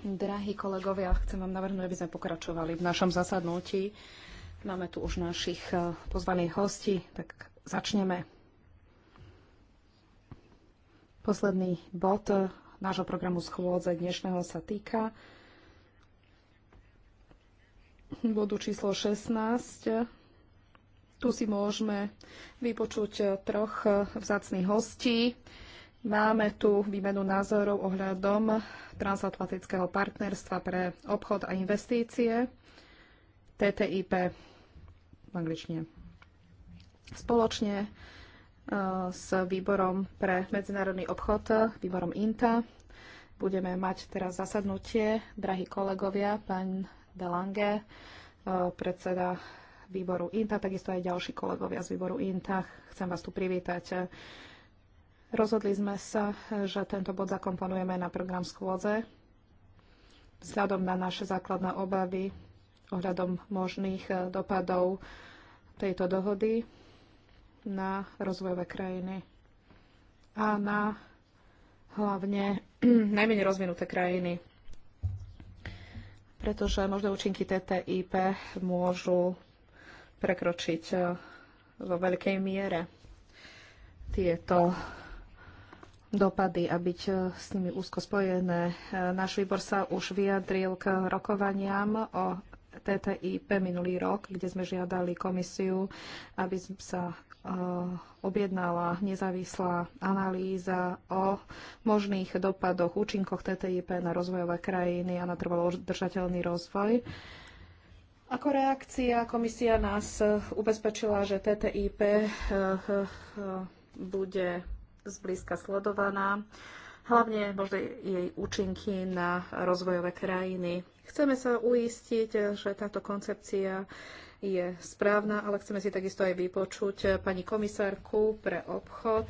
Drahí kolegovia, chcem vám navrhnúť, aby sme pokračovali v našom zasadnutí. Máme tu už našich eh, pozvaných hostí, tak začneme. Posledný bod eh, nášho programu schôdze dnešného sa týka bodu číslo 16 tu si môžeme vypočuť eh, troch vzácných hostí. Máme tu výmenu názorov ohľadom transatlantického partnerstva pre obchod a investície, TTIP v angličtine. Spoločne e, s výborom pre medzinárodný obchod, výborom INTA, budeme mať teraz zasadnutie. Drahí kolegovia, pán Delange, e, predseda výboru INTA, takisto aj ďalší kolegovia z výboru INTA. Chcem vás tu privítať Rozhodli sme sa, že tento bod zakomponujeme na program schôdze vzhľadom na naše základné obavy ohľadom možných eh, dopadov tejto dohody na rozvojové krajiny a na hlavne najmenej rozvinuté krajiny. Pretože možné účinky TTIP môžu prekročiť eh, vo veľkej miere tieto dopady a byť e, s nimi úzko spojené. E, náš výbor sa už vyjadril k rokovaniam o TTIP minulý rok, kde sme žiadali komisiu, aby sa e, objednala nezávislá analýza o možných dopadoch, účinkoch TTIP na rozvojové krajiny a na trvalo držateľný rozvoj. Ako reakcia komisia nás ubezpečila, že TTIP bude zblízka sledovaná, hlavne možno jej účinky na rozvojové krajiny. Chceme sa uistiť, že táto koncepcia je správna, ale chceme si takisto aj vypočuť pani komisárku pre obchod,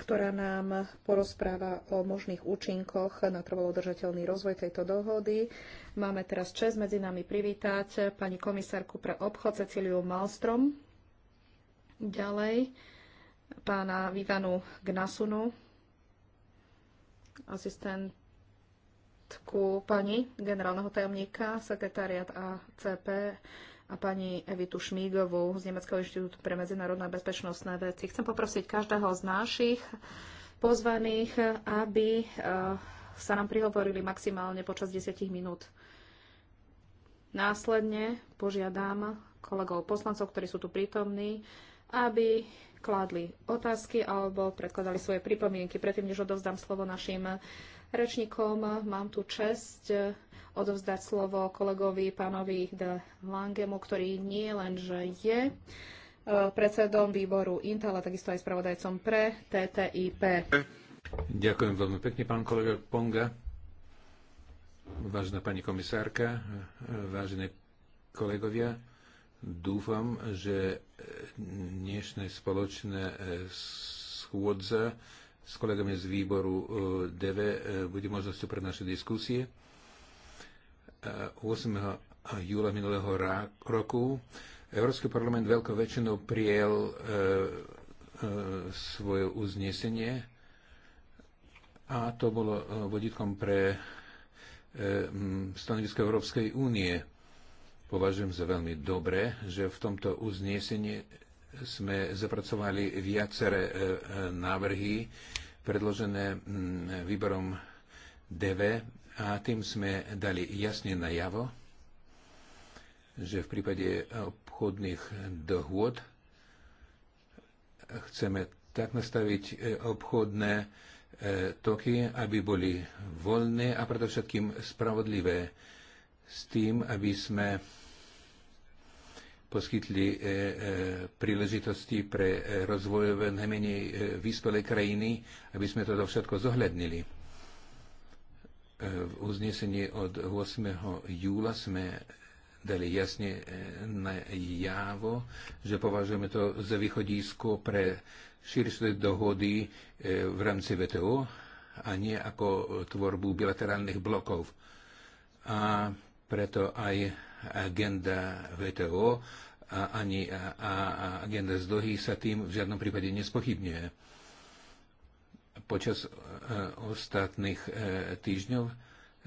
ktorá nám porozpráva o možných účinkoch na trvalodržateľný rozvoj tejto dohody. Máme teraz čest medzi nami privítať pani komisárku pre obchod Ceciliu Malstrom. Ďalej pána Vivanu Gnasunu, asistentku pani generálneho tajomníka, sekretariat ACP a pani Evitu Šmígovú z Nemeckého inštitútu pre medzinárodné bezpečnostné veci. Chcem poprosiť každého z našich pozvaných, aby eh, sa nám prihovorili maximálne počas 10 minút. Následne požiadam kolegov poslancov, ktorí sú tu prítomní, aby kládli otázky alebo predkladali svoje pripomienky. Predtým, než odovzdám slovo našim rečníkom, mám tu čest odovzdať slovo kolegovi pánovi de Langemu, ktorý nie len, že je e, predsedom výboru Intel, ale takisto aj spravodajcom pre TTIP. Ďakujem veľmi pekne, pán kolega Ponga. Vážená pani komisárka, e, e, vážené kolegovia, Dúfam, že dnešné spoločné e, schôdza s kolegami z výboru e, DV e, bude možnosťou pre naše diskusie. 8. júla minulého roku Európsky parlament veľkou väčšinou prijel svoje uznesenie a to bolo vodítkom pre stanovisko Európskej únie Považujem za veľmi dobré, že v tomto uznesení sme zapracovali viaceré e, e, návrhy predložené výborom DV a tým sme dali jasne najavo, že v prípade obchodných dohôd chceme tak nastaviť e, obchodné toky, aby boli voľné a predovšetkým spravodlivé s tým, aby sme poskytli e, e, príležitosti pre e, rozvojové najmenej vyspelé krajiny, aby sme toto všetko zohľadnili. V uznesení od 8. júla sme dali jasne na javo, že považujeme to za východisko pre širšie dohody v rámci VTO a nie ako tvorbu bilaterálnych blokov. A preto aj agenda VTO a ani a agenda z Dohy sa tým v žiadnom prípade nespochybňuje. Počas e, ostatných e, týždňov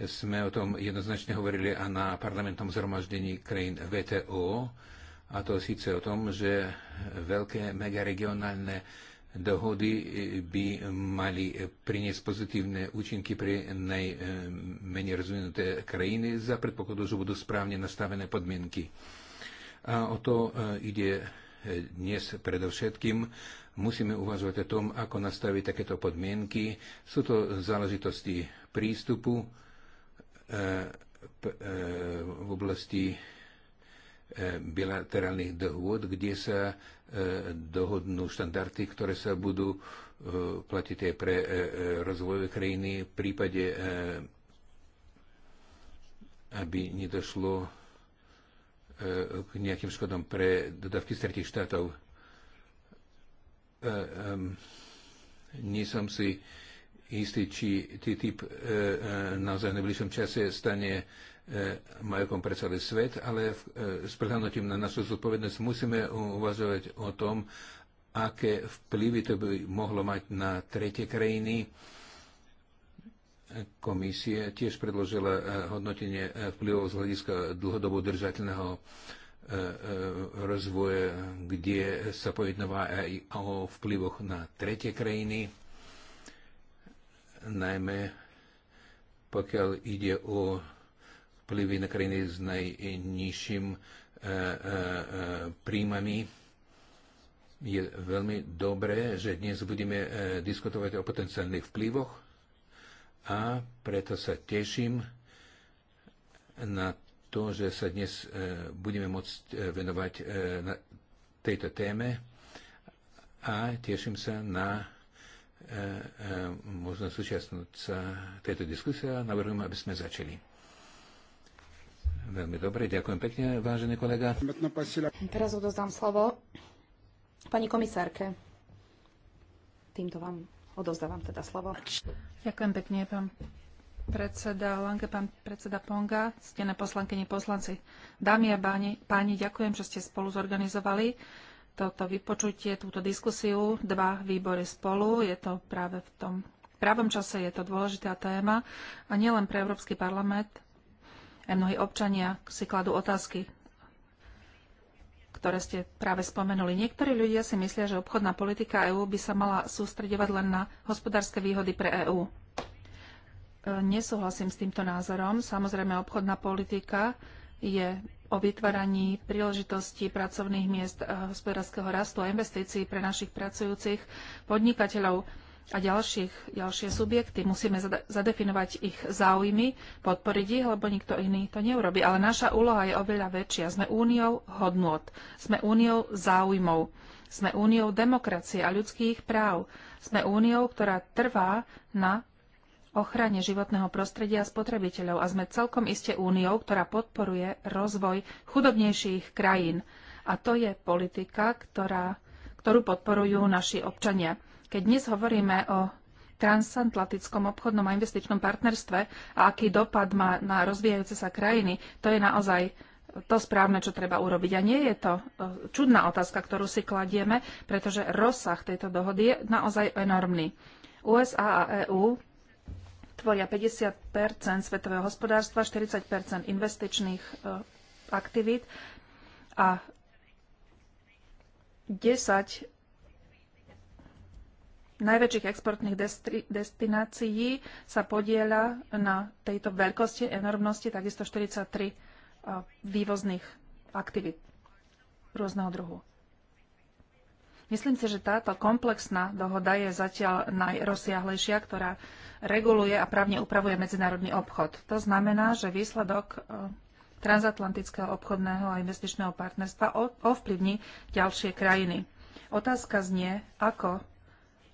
sme o tom jednoznačne hovorili a na parlamentnom zhromaždení krajín VTO, a to síce o tom, že veľké megaregionálne dohody e, by mali priniesť pozitívne účinky pre najmenej rozvinuté krajiny za predpokladu, že budú správne nastavené podmienky. A o to e, ide e, dnes predovšetkým. Musíme uvažovať o tom, ako nastaviť takéto podmienky. Sú to záležitosti prístupu v oblasti bilaterálnych dohôd, kde sa E, dohodnú štandardy, ktoré sa budú e, platiť aj pre e, rozvojové krajiny v prípade, aby nedošlo k nejakým škodom pre dodavky z tretich štátov. Nie som si istý, či typ e, e, naozaj v najbližšom čase stane e, majokom pre celý svet, ale v, e, s prehľadnutím na našu zodpovednosť musíme uvažovať o tom, aké vplyvy to by mohlo mať na tretie krajiny. Komisie tiež predložila e, hodnotenie vplyvov z hľadiska dlhodobo držateľného rozvoja, kde sa pojednáva aj o vplyvoch na tretie krajiny najmä pokiaľ ide o vplyvy na krajiny s najnižším e, e, e, príjmami. Je veľmi dobré, že dnes budeme diskutovať o potenciálnych vplyvoch a preto sa teším na to, že sa dnes budeme môcť venovať tejto téme a teším sa na E, e, možno súčasnúť sa tejto diskusie a navrhujem, aby sme začali. Veľmi dobre, ďakujem pekne, vážený kolega. Teraz odozdám slovo pani komisárke. Týmto vám odozdávam teda slovo. Ďakujem pekne, pán predseda Lange, pán predseda Ponga, ste na poslankyni poslanci. Dámy a páni, páni, ďakujem, že ste spolu zorganizovali toto vypočutie, túto diskusiu, dva výbory spolu. Je to práve v tom právom čase, je to dôležitá téma a nielen pre Európsky parlament, aj mnohí občania si kladú otázky, ktoré ste práve spomenuli. Niektorí ľudia si myslia, že obchodná politika EÚ by sa mala sústredovať len na hospodárske výhody pre EÚ. E, nesúhlasím s týmto názorom. Samozrejme, obchodná politika je o vytváraní príležitostí pracovných miest eh, hospodárskeho rastu a investícií pre našich pracujúcich podnikateľov a ďalších, ďalšie subjekty. Musíme zadefinovať ich záujmy, podporiť ich, lebo nikto iný to neurobi. Ale naša úloha je oveľa väčšia. Sme úniou hodnot. sme úniou záujmov, sme úniou demokracie a ľudských práv, sme úniou, ktorá trvá na ochrane životného prostredia a spotrebiteľov a sme celkom iste úniou, ktorá podporuje rozvoj chudobnejších krajín. A to je politika, ktorá, ktorú podporujú naši občania. Keď dnes hovoríme o transatlantickom obchodnom a investičnom partnerstve a aký dopad má na rozvíjajúce sa krajiny, to je naozaj to správne, čo treba urobiť. A nie je to e, čudná otázka, ktorú si kladieme, pretože rozsah tejto dohody je naozaj enormný. USA a EÚ tvoria 50 svetového hospodárstva, 40 investičných eh, aktivít a 10 najväčších exportných destinácií sa podiela na tejto veľkosti, enormnosti, takisto 43 eh, vývozných aktivít rôzneho druhu. Myslím si, že táto komplexná dohoda je zatiaľ najrozsiahlejšia, ktorá reguluje a právne upravuje medzinárodný obchod. To znamená, že výsledok e, transatlantického obchodného a investičného partnerstva ovplyvní ďalšie krajiny. Otázka znie, ako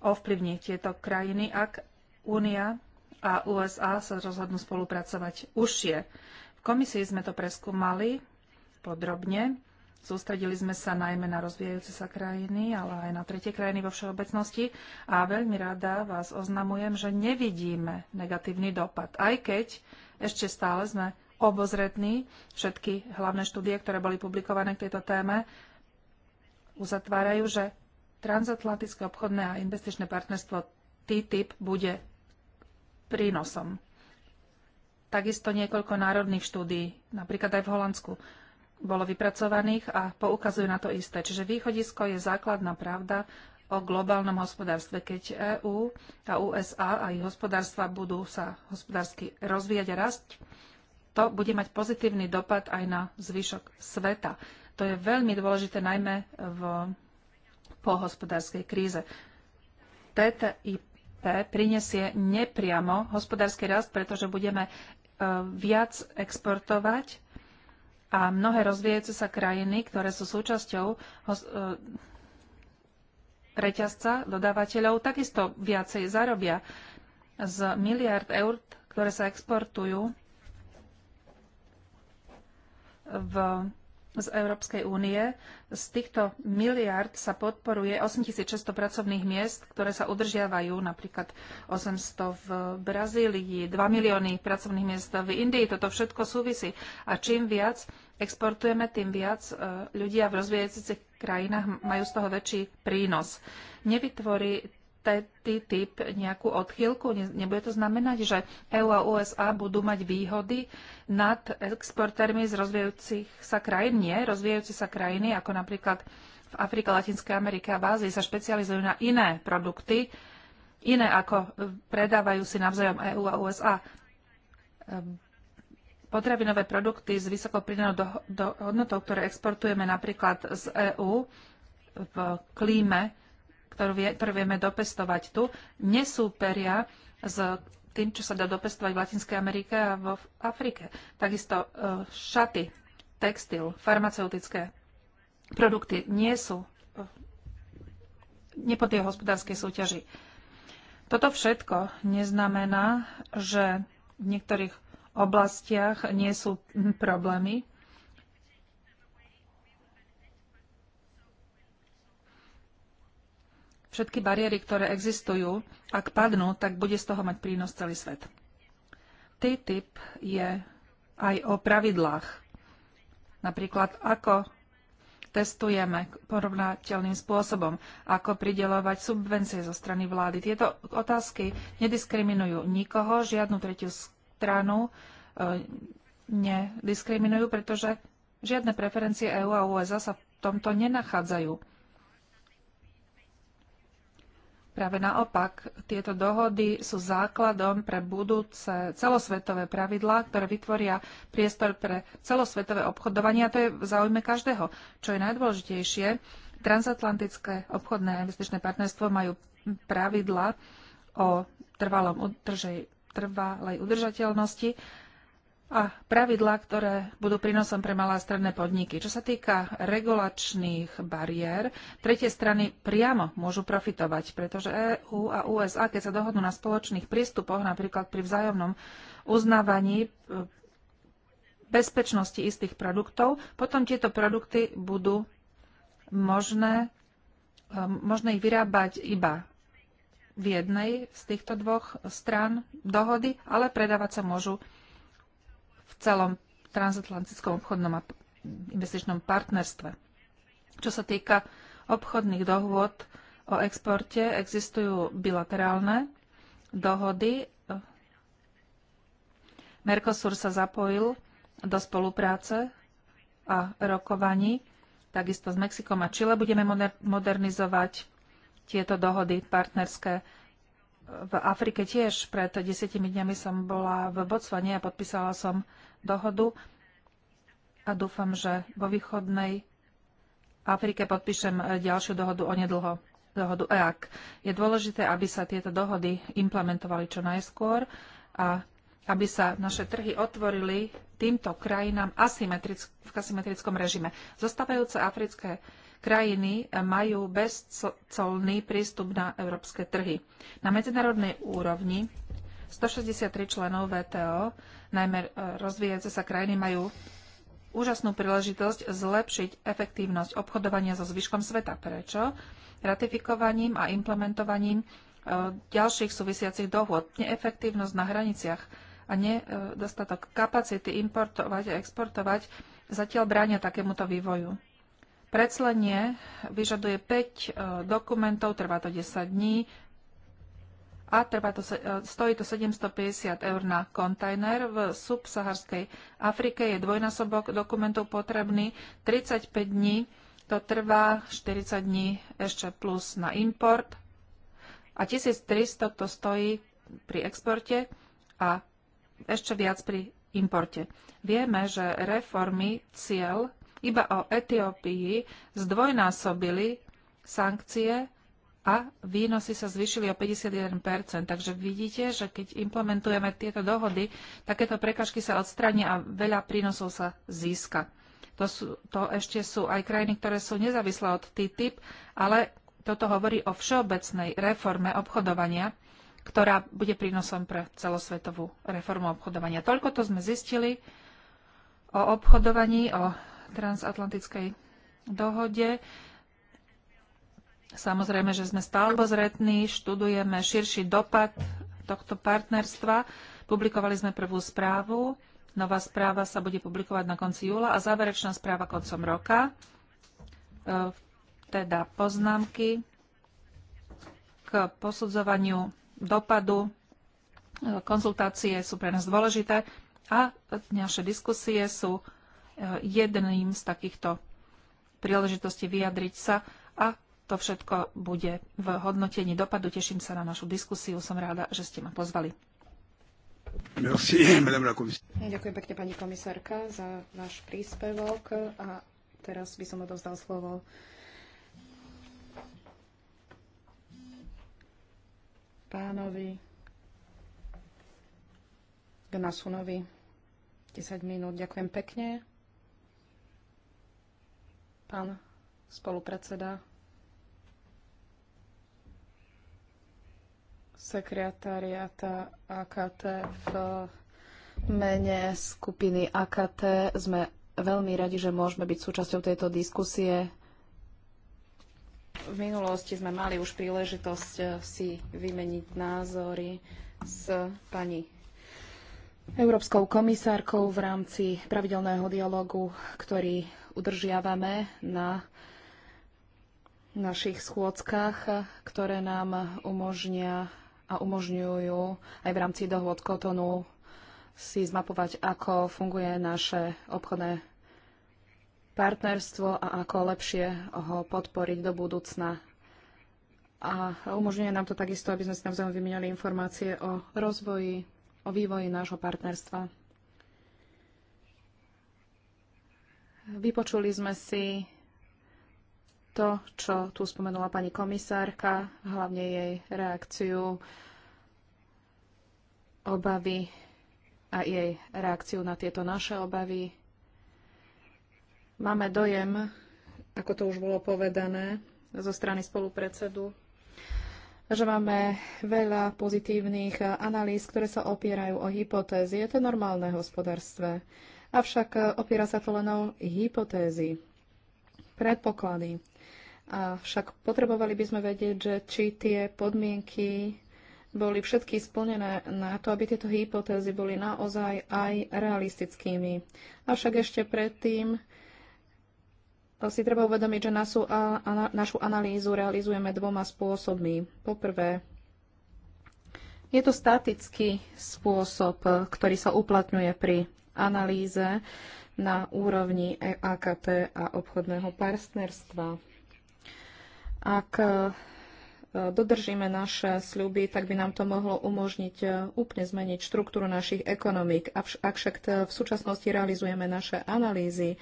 ovplyvní tieto krajiny, ak Únia a USA sa rozhodnú spolupracovať užšie. V komisii sme to preskúmali podrobne Sústredili sme sa najmä na rozvíjajúce sa krajiny, ale aj na tretie krajiny vo všeobecnosti a veľmi rada vás oznamujem, že nevidíme negatívny dopad, aj keď ešte stále sme obozretní. Všetky hlavné štúdie, ktoré boli publikované k tejto téme, uzatvárajú, že transatlantické obchodné a investičné partnerstvo TTIP bude prínosom. Takisto niekoľko národných štúdií, napríklad aj v Holandsku, bolo vypracovaných a poukazujú na to isté. Čiže východisko je základná pravda o globálnom hospodárstve. Keď EÚ a USA a ich hospodárstva budú sa hospodársky rozvíjať a rásť, to bude mať pozitívny dopad aj na zvyšok sveta. To je veľmi dôležité najmä v pohospodárskej kríze. TTIP prinesie nepriamo hospodársky rast, pretože budeme e, viac exportovať a mnohé rozvíjajúce sa krajiny, ktoré sú súčasťou e, reťazca dodávateľov, takisto viacej zarobia. Z miliard eur, ktoré sa exportujú v z Európskej únie. Z týchto miliard sa podporuje 8600 pracovných miest, ktoré sa udržiavajú, napríklad 800 v Brazílii, 2 milióny pracovných miest v Indii. Toto všetko súvisí. A čím viac exportujeme, tým viac e, ľudia v rozvíjajúcich krajinách majú z toho väčší prínos. Nevytvorí typ nejakú odchýlku? Nebude to znamenať, že EU a USA budú mať výhody nad exportérmi z rozvíjajúcich sa krajín? Nie, rozvíjajúce sa krajiny, ako napríklad v Afrike, Latinskej Amerike a v Ázii, sa špecializujú na iné produkty, iné ako predávajú si navzájom EU a USA ehm, potravinové produkty s vysokou pridanou do, do hodnotou, ktoré exportujeme napríklad z EÚ v klíme ktorú, vie, ktorú vieme dopestovať tu, nesúperia s tým, čo sa dá dopestovať v Latinskej Amerike a v Afrike. Takisto e, šaty, textil, farmaceutické produkty nie sú e, nepodlieha hospodárskej súťaži. Toto všetko neznamená, že v niektorých oblastiach nie sú problémy, všetky bariéry, ktoré existujú, ak padnú, tak bude z toho mať prínos celý svet. TTIP je aj o pravidlách. Napríklad, ako testujeme porovnateľným spôsobom, ako pridelovať subvencie zo strany vlády. Tieto otázky nediskriminujú nikoho, žiadnu tretiu stranu e, nediskriminujú, pretože žiadne preferencie EÚ a USA sa v tomto nenachádzajú. Práve naopak, tieto dohody sú základom pre budúce celosvetové pravidlá, ktoré vytvoria priestor pre celosvetové obchodovanie a to je v záujme každého. Čo je najdôležitejšie, transatlantické obchodné a investičné partnerstvo majú pravidla o trvalom udržej, trvalej udržateľnosti a pravidlá, ktoré budú prínosom pre malé a stredné podniky. Čo sa týka regulačných bariér, tretie strany priamo môžu profitovať, pretože EÚ a USA, keď sa dohodnú na spoločných prístupoch, napríklad pri vzájomnom uznávaní e, bezpečnosti istých produktov, potom tieto produkty budú možné, e, možné ich vyrábať iba v jednej z týchto dvoch strán dohody, ale predávať sa môžu celom transatlantickom obchodnom a investičnom partnerstve. Čo sa týka obchodných dohôd o exporte, existujú bilaterálne dohody. Mercosur sa zapojil do spolupráce a rokovaní. Takisto s Mexikom a Čile budeme modernizovať tieto dohody partnerské v Afrike tiež. Pred desetimi dňami som bola v Botsvane a podpísala som dohodu a dúfam, že vo východnej Afrike podpíšem e, ďalšiu dohodu o nedlho dohodu EAC. Je dôležité, aby sa tieto dohody implementovali čo najskôr a aby sa naše trhy otvorili týmto krajinám v asymetrickom režime. Zostávajúce africké krajiny majú bezcolný prístup na európske trhy. Na medzinárodnej úrovni 163 členov VTO, najmä e, rozvíjajúce sa krajiny, majú úžasnú príležitosť zlepšiť efektívnosť obchodovania so zvyškom sveta. Prečo? Ratifikovaním a implementovaním e, ďalších súvisiacich dohôd, neefektívnosť na hraniciach a nedostatok kapacity importovať a exportovať zatiaľ bránia takémuto vývoju. Preclenie vyžaduje 5 e, dokumentov, trvá to 10 dní a trvá to, e, stojí to 750 eur na kontajner. V subsaharskej Afrike je dvojnásobok dokumentov potrebný, 35 dní to trvá, 40 dní ešte plus na import a 1300 to stojí pri exporte a ešte viac pri importe. Vieme, že reformy cieľ iba o Etiópii zdvojnásobili sankcie a výnosy sa zvyšili o 51%. Takže vidíte, že keď implementujeme tieto dohody, takéto prekažky sa odstrania a veľa prínosov sa získa. To, sú, to ešte sú aj krajiny, ktoré sú nezávislé od TTIP, ale toto hovorí o všeobecnej reforme obchodovania, ktorá bude prínosom pre celosvetovú reformu obchodovania. Toľko to sme zistili o obchodovaní, o transatlantickej dohode. Samozrejme, že sme stále pozretní, študujeme širší dopad tohto partnerstva. Publikovali sme prvú správu. Nová správa sa bude publikovať na konci júla a záverečná správa koncom roka. E, teda poznámky k posudzovaniu dopadu. E, konzultácie sú pre nás dôležité a naše diskusie sú jedným z takýchto príležitostí vyjadriť sa a to všetko bude v hodnotení dopadu. Teším sa na našu diskusiu. Som ráda, že ste ma pozvali. Merci, Ďakujem pekne pani komisárka za váš príspevok a teraz by som odovzdal slovo pánovi Gnasunovi. 10 minút. Ďakujem pekne pán spolupredseda. sekretariata AKT v mene skupiny AKT. Sme veľmi radi, že môžeme byť súčasťou tejto diskusie. V minulosti sme mali už príležitosť eh, si vymeniť názory s pani Európskou komisárkou v rámci pravidelného dialogu, ktorý udržiavame na našich schôdzkach, ktoré nám umožnia a umožňujú aj v rámci dohôd Kotonu si zmapovať, ako funguje naše obchodné partnerstvo a ako lepšie ho podporiť do budúcna. A umožňuje nám to takisto, aby sme si navzájom vymenili informácie o rozvoji, o vývoji nášho partnerstva. Vypočuli sme si to, čo tu spomenula pani komisárka, hlavne jej reakciu, obavy a jej reakciu na tieto naše obavy. Máme dojem, ako to už bolo povedané zo strany spolupredsedu, že máme veľa pozitívnych analýz, ktoré sa opierajú o hypotézy. Je to normálne hospodárstve avšak e, opiera sa to len o hypotézy, predpoklady. Avšak potrebovali by sme vedieť, že či tie podmienky boli všetky splnené na to, aby tieto hypotézy boli naozaj aj realistickými. Avšak ešte predtým si treba uvedomiť, že nasu, a, a, našu analýzu realizujeme dvoma spôsobmi. Poprvé, je to statický spôsob, e, ktorý sa uplatňuje pri analýze na úrovni e AKT a obchodného partnerstva. Ak e, dodržíme naše sľuby, tak by nám to mohlo umožniť e, úplne zmeniť štruktúru našich ekonomík. Ak však v súčasnosti realizujeme naše analýzy,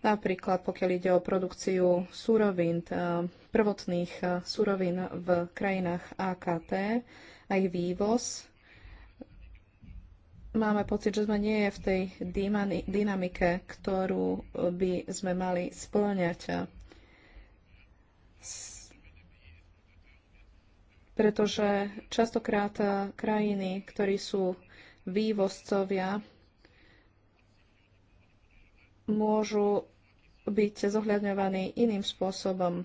napríklad pokiaľ ide o produkciu súrovín, prvotných súrovín v krajinách AKT, aj vývoz, máme pocit, že sme nie v tej dynamike, ktorú by sme mali splňať. Pretože častokrát e, krajiny, ktorí sú vývozcovia, môžu byť zohľadňovaní iným spôsobom.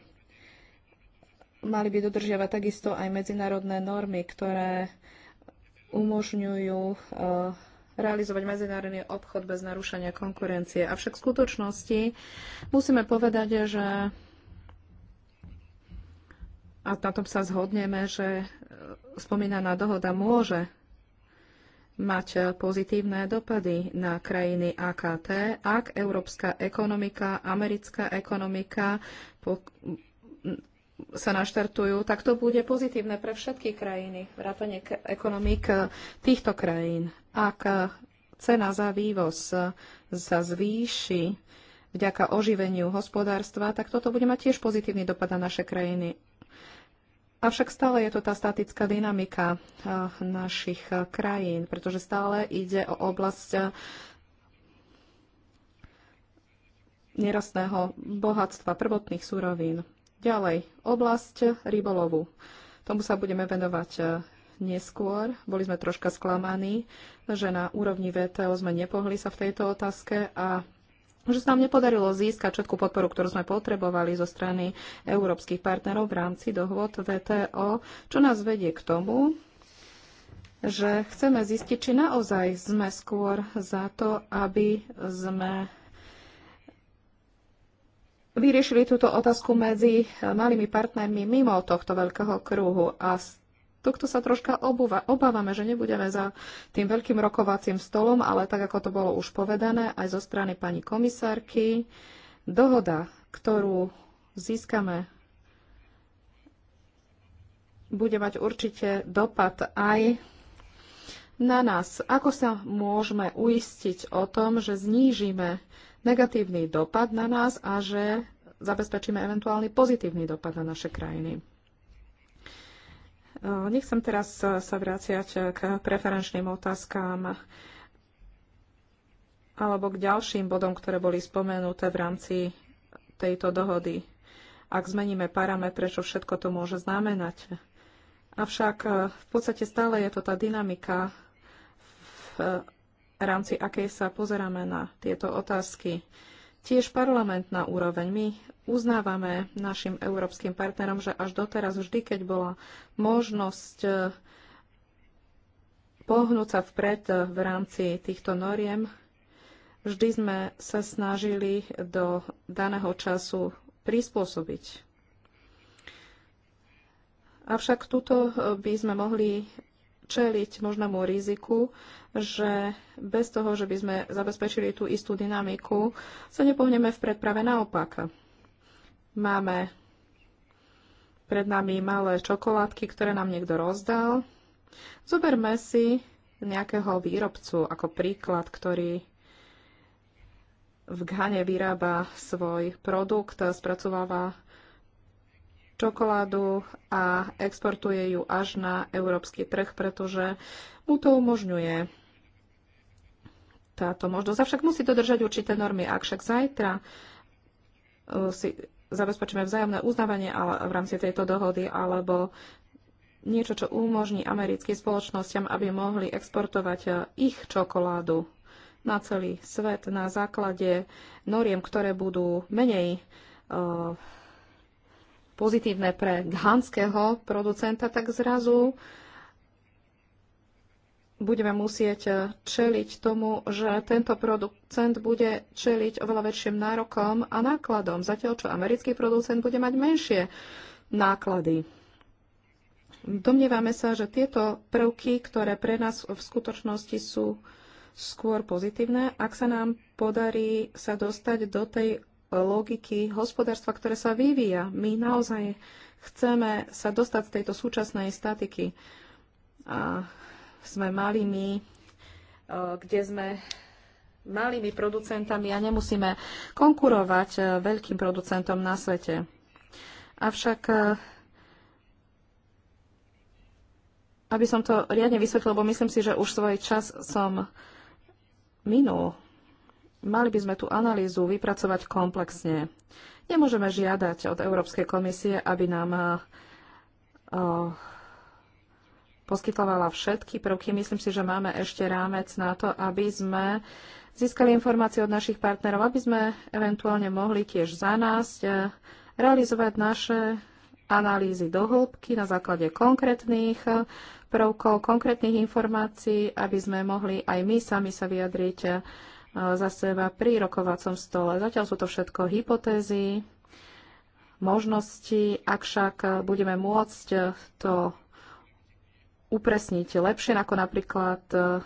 Mali by dodržiavať takisto aj medzinárodné normy, ktoré umožňujú e, realizovať medzinárodný obchod bez narušenia konkurencie. Avšak v skutočnosti musíme povedať, že a na tom sa zhodneme, že e, spomínaná dohoda môže mať pozitívne dopady na krajiny AKT, ak európska ekonomika, americká ekonomika sa naštartujú, tak to bude pozitívne pre všetky krajiny, vrátane ekonomík týchto krajín. Ak cena za vývoz sa zvýši vďaka oživeniu hospodárstva, tak toto bude mať tiež pozitívny dopad na naše krajiny. Avšak stále je to tá statická dynamika eh, našich krajín, pretože stále ide o oblasť eh, nerastného bohatstva, prvotných surovín. Ďalej, oblasť rybolovu. Tomu sa budeme venovať e, neskôr. Boli sme troška sklamaní, že na úrovni VTO sme nepohli sa v tejto otázke a že sa nám nepodarilo získať všetku podporu, ktorú sme potrebovali zo strany európskych partnerov v rámci dohôd VTO, čo nás vedie k tomu, že chceme zistiť, či naozaj sme skôr za to, aby sme vyriešili túto otázku medzi eh, malými partnermi mimo tohto veľkého kruhu a tohto sa troška obúva. obávame, že nebudeme za tým veľkým rokovacím stolom, ale tak, ako to bolo už povedané aj zo strany pani komisárky, dohoda, ktorú získame, bude mať určite dopad aj na nás. Ako sa môžeme uistiť o tom, že znížime negatívny dopad na nás a že zabezpečíme eventuálny pozitívny dopad na naše krajiny. E, nechcem teraz sa vráciať k preferenčným otázkám alebo k ďalším bodom, ktoré boli spomenuté v rámci tejto dohody. Ak zmeníme parametre, čo všetko to môže znamenať. Avšak e, v podstate stále je to tá dynamika v v rámci akej sa pozeráme na tieto otázky. Tiež parlamentná úroveň. My uznávame našim európskym partnerom, že až doteraz vždy, keď bola možnosť eh, pohnúť sa vpred eh, v rámci týchto noriem, vždy sme sa snažili do daného času prispôsobiť. Avšak tuto eh, by sme mohli čeliť možnému riziku, že bez toho, že by sme zabezpečili tú istú dynamiku, sa nepohneme v predprave naopak. Máme pred nami malé čokoládky, ktoré nám niekto rozdal. Zoberme si nejakého výrobcu ako príklad, ktorý v Ghane vyrába svoj produkt, spracováva čokoládu a exportuje ju až na európsky trh, pretože mu to umožňuje táto možnosť. Avšak musí dodržať určité normy. Ak však zajtra e, si zabezpečíme vzájomné uznávanie ale v rámci tejto dohody alebo niečo, čo umožní americkým spoločnosťam, aby mohli exportovať e, ich čokoládu na celý svet na základe noriem, ktoré budú menej uh, pozitívne pre dhanského producenta, tak zrazu budeme musieť čeliť tomu, že tento producent bude čeliť oveľa väčším nárokom a nákladom, zatiaľ čo americký producent bude mať menšie náklady. Domnievame sa, že tieto prvky, ktoré pre nás v skutočnosti sú skôr pozitívne, ak sa nám podarí sa dostať do tej logiky hospodárstva, ktoré sa vyvíja. My naozaj chceme sa dostať z tejto súčasnej statiky. A sme malými, e, kde sme malými producentami a nemusíme konkurovať e, veľkým producentom na svete. Avšak, e, aby som to riadne vysvetlil, lebo myslím si, že už svoj čas som minul mali by sme tú analýzu vypracovať komplexne. Nemôžeme žiadať od Európskej komisie, aby nám uh, poskytovala všetky prvky. Myslím si, že máme ešte rámec na to, aby sme získali informácie od našich partnerov, aby sme eventuálne mohli tiež za nás eh, realizovať naše analýzy do hĺbky na základe konkrétnych eh, prvkov, konkrétnych informácií, aby sme mohli aj my sami sa vyjadriť E, za seba pri rokovacom stole. Zatiaľ sú to všetko hypotézy, možnosti, ak však budeme môcť to upresniť lepšie, ako napríklad e,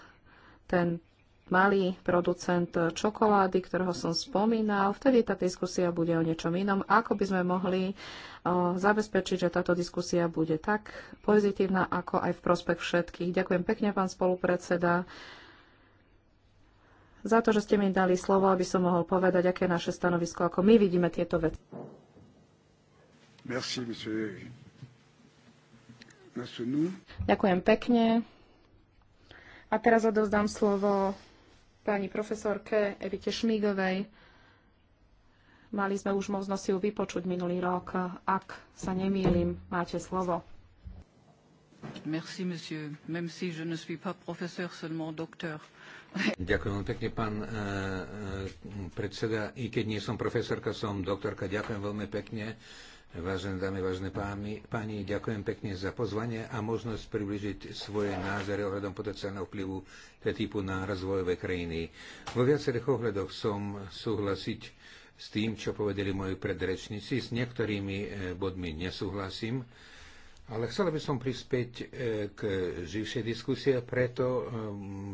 ten malý producent čokolády, ktorého som spomínal, vtedy tá diskusia bude o niečom inom. Ako by sme mohli e, zabezpečiť, že táto diskusia bude tak pozitívna, ako aj v prospech všetkých. Ďakujem pekne, pán spolupredseda za to, že ste mi dali slovo, aby som mohol povedať, aké je naše stanovisko, ako my vidíme tieto veci. Merci, Ďakujem pekne. A teraz odovzdám slovo pani profesorke Evite Šmígovej. Mali sme už možnosť ju vypočuť minulý rok. Ak sa nemýlim, máte slovo. Merci, monsieur. Même si je ne suis pas professeur, seulement docteur. Ďakujem pekne, pán e, e, predseda. I keď nie som profesorka, som doktorka. Ďakujem veľmi pekne. Vážené dámy, vážené páni, páni, ďakujem pekne za pozvanie a možnosť približiť svoje názory ohľadom potenciálneho vplyvu typu na rozvojové krajiny. Vo viacerých ohľadoch som súhlasiť s tým, čo povedali moji predrečníci. S niektorými e, bodmi nesúhlasím. Ale chcela by som prispieť e, k živšej diskusie, preto e,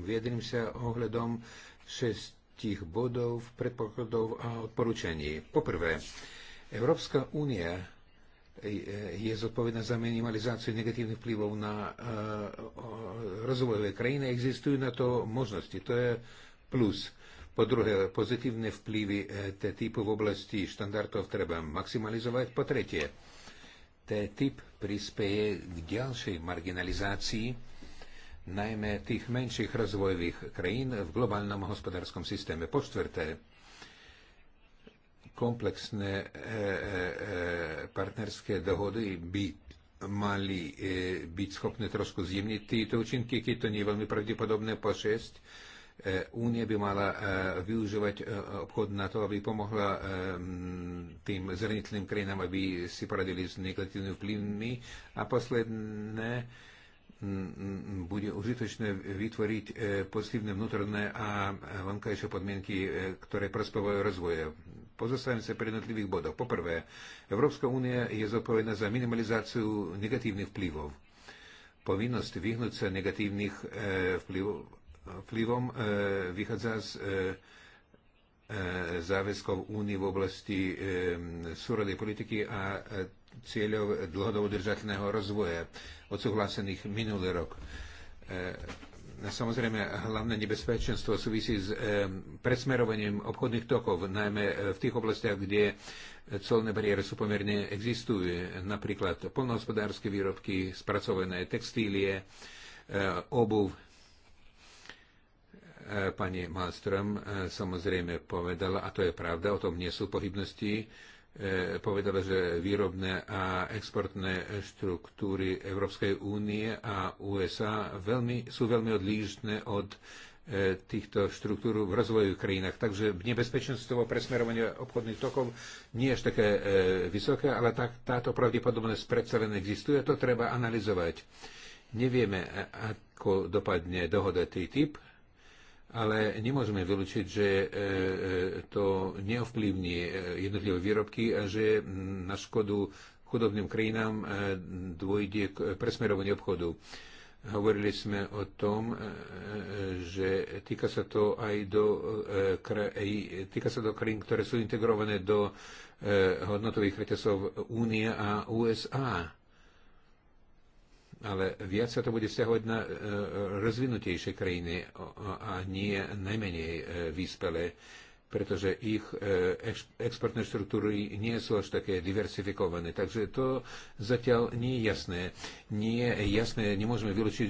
viedrim sa ohľadom šestich bodov, predpokladov a odporúčaní. Poprvé, Európska únia e, je zodpovedná za minimalizáciu negatívnych vplyvov na rozvojové krajiny. Existujú na to možnosti. To je plus. Po druhé, pozitívne vplyvy typu v oblasti štandardov treba maximalizovať. Po tretie, TTIP prispieje k ďalšej marginalizácii najmä tých menších rozvojových krajín v globálnom hospodárskom systéme. Po štvrté, komplexné e, e, e, partnerské dohody by mali byť schopné trošku zjemniť tieto účinky, keď to nie je veľmi pravdepodobné po 6 E, Únie by mala e, využívať e, obchod na to, aby pomohla tým zraniteľným krajinám, aby si poradili s negatívnymi vplyvmi. A posledné, bude užitočné vytvoriť pozitívne vnútorné a vonkajšie podmienky, ktoré prospevajú rozvoje. Pozostavím sa pri jednotlivých bodoch. Poprvé, Európska únia je zodpovedná za minimalizáciu negatívnych vplyvov. Povinnosť vyhnúť sa negatívnych vplyvov vplyvom e, vychádza z e, e, záväzkov Únie v oblasti súrodej politiky a cieľov dlhodobo držateľného rozvoja, odsúhlasených minulý rok. Samozrejme, hlavné nebezpečenstvo súvisí s presmerovaním obchodných tokov, najmä v tých oblastiach, kde colné bariéry sú pomerne existujú, napríklad polnohospodárske výrobky, spracované textílie, obuv, E, pani Malström e, samozrejme povedala, a to je pravda, o tom nie sú pochybnosti, e, povedala, že výrobné a exportné štruktúry Európskej únie a USA veľmi, sú veľmi odlížne od týchto štruktúr v rozvojových krajinách. Takže nebezpečenstvo presmerovania obchodných tokov nie je až také vysoké, ale tak, táto pravdepodobnosť predsa len existuje, to treba analyzovať. Nevieme, ako dopadne dohoda TTIP, ale nemôžeme vylúčiť, že e, e, to neovplyvní e, jednotlivé výrobky a že na škodu chudobným krajinám dôjde k presmerovaniu obchodu. Hovorili sme o tom, že týka sa to aj do, týka sa do krajín, ktoré sú integrované do hodnotových reťazov Únie a USA ale viac sa to bude vzťahovať na e, e, rozvinutejšie krajiny a nie najmenej e, vyspelé, pretože ich exportné štruktúry nie sú až také diversifikované. Takže to zatiaľ nie je jasné. Nie je jasné, nemôžeme vylúčiť,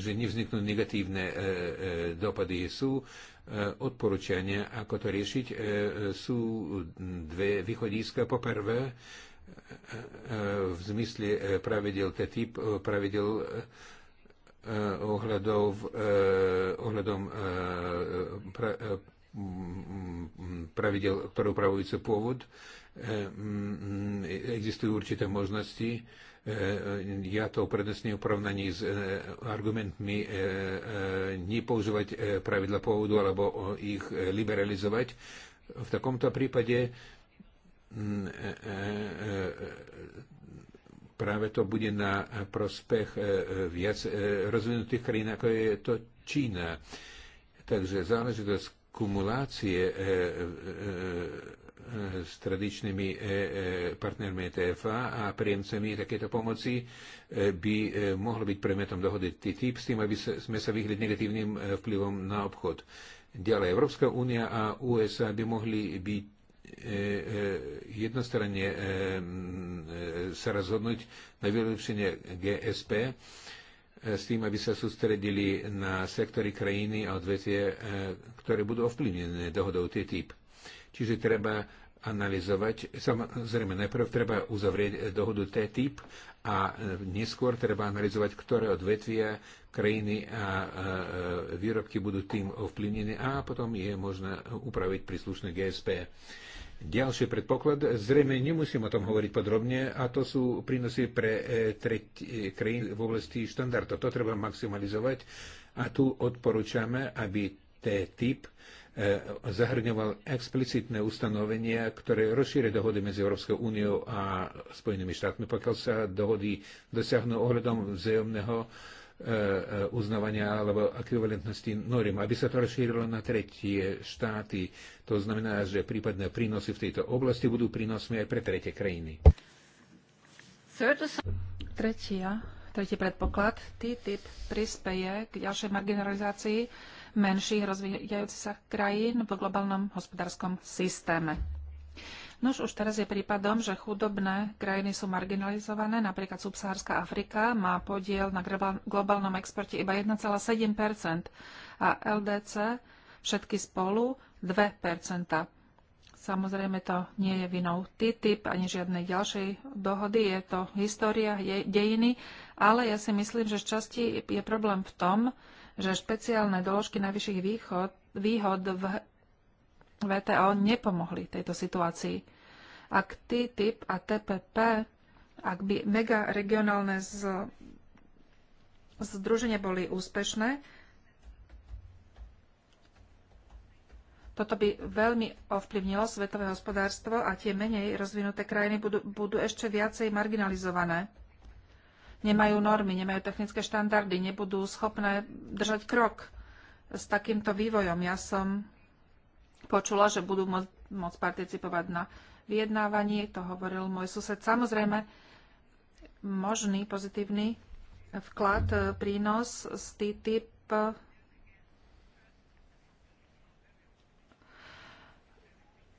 že nevzniknú negatívne dopady. Sú odporúčania, ako to riešiť. Sú dve východiska. Poprvé, v zmysle e, pravidel TTIP, e, pravidel e, ohľadov, ohľadom pra, pravidel, ktoré upravujúce pôvod. Existujú určité možnosti. Ja to prednesne v porovnaní s argumentmi nepoužívať pravidla pôvodu alebo ich liberalizovať. V takomto prípade Mm, e, e, e, práve to bude na prospech viac rozvinutých krajín, ako je to Čína. Takže záležitosť kumulácie s tradičnými partnermi TFA a príjemcami takéto pomoci by mohlo byť predmetom dohody TTIP s tým, aby sme sa vyhli negatívnym vplyvom na obchod. Ďalej, Európska únia a USA by mohli byť E, e, jednostranne e, sa rozhodnúť na vylepšenie GSP s tým, aby sa sústredili na sektory krajiny a odvetie, ktoré budú ovplyvnené dohodou TTIP. Čiže treba analyzovať, samozrejme najprv treba uzavrieť dohodu TTIP a neskôr treba analyzovať, ktoré odvetvia krajiny a výrobky budú tým ovplyvnené a potom je možné upraviť príslušné GSP. Ďalší predpoklad, zrejme nemusím o tom hovoriť podrobne, a to sú prínosy pre e, tretí, krajín v oblasti štandardov. To treba maximalizovať a tu odporúčame, aby TTIP e, zahrňoval explicitné ustanovenia, ktoré rozšíria dohody medzi Európskou úniou a Spojenými štátmi, pokiaľ sa dohody dosiahnu ohľadom vzájomného E, e, uznávania alebo ekvivalentnosti noriem, aby sa to rozšírilo na tretie štáty. To znamená, že prípadné prínosy v tejto oblasti budú prínosmi aj pre tretie krajiny. Tretia, tretí predpoklad. TTIP prispeje k ďalšej marginalizácii menších rozvíjajúcich sa krajín v globálnom hospodárskom systéme. Nož už teraz je prípadom, že chudobné krajiny sú marginalizované, napríklad subsahárska Afrika má podiel na globálnom exporte iba 1,7 a LDC všetky spolu 2 Samozrejme to nie je vinou TTIP ani žiadnej ďalšej dohody, je to história, je, dejiny, ale ja si myslím, že z časti je problém v tom, že špeciálne doložky najvyšších východ, výhod v VTO nepomohli tejto situácii. Ak TTIP a TPP, ak by mega regionálne z, združenie boli úspešné, toto by veľmi ovplyvnilo svetové hospodárstvo a tie menej rozvinuté krajiny budú, budú ešte viacej marginalizované. Nemajú normy, nemajú technické štandardy, nebudú schopné držať krok s takýmto vývojom. Ja som počula, že budú môcť participovať na vyjednávaní, to hovoril môj sused. Samozrejme, možný pozitívny vklad, e, prínos z TTIP e,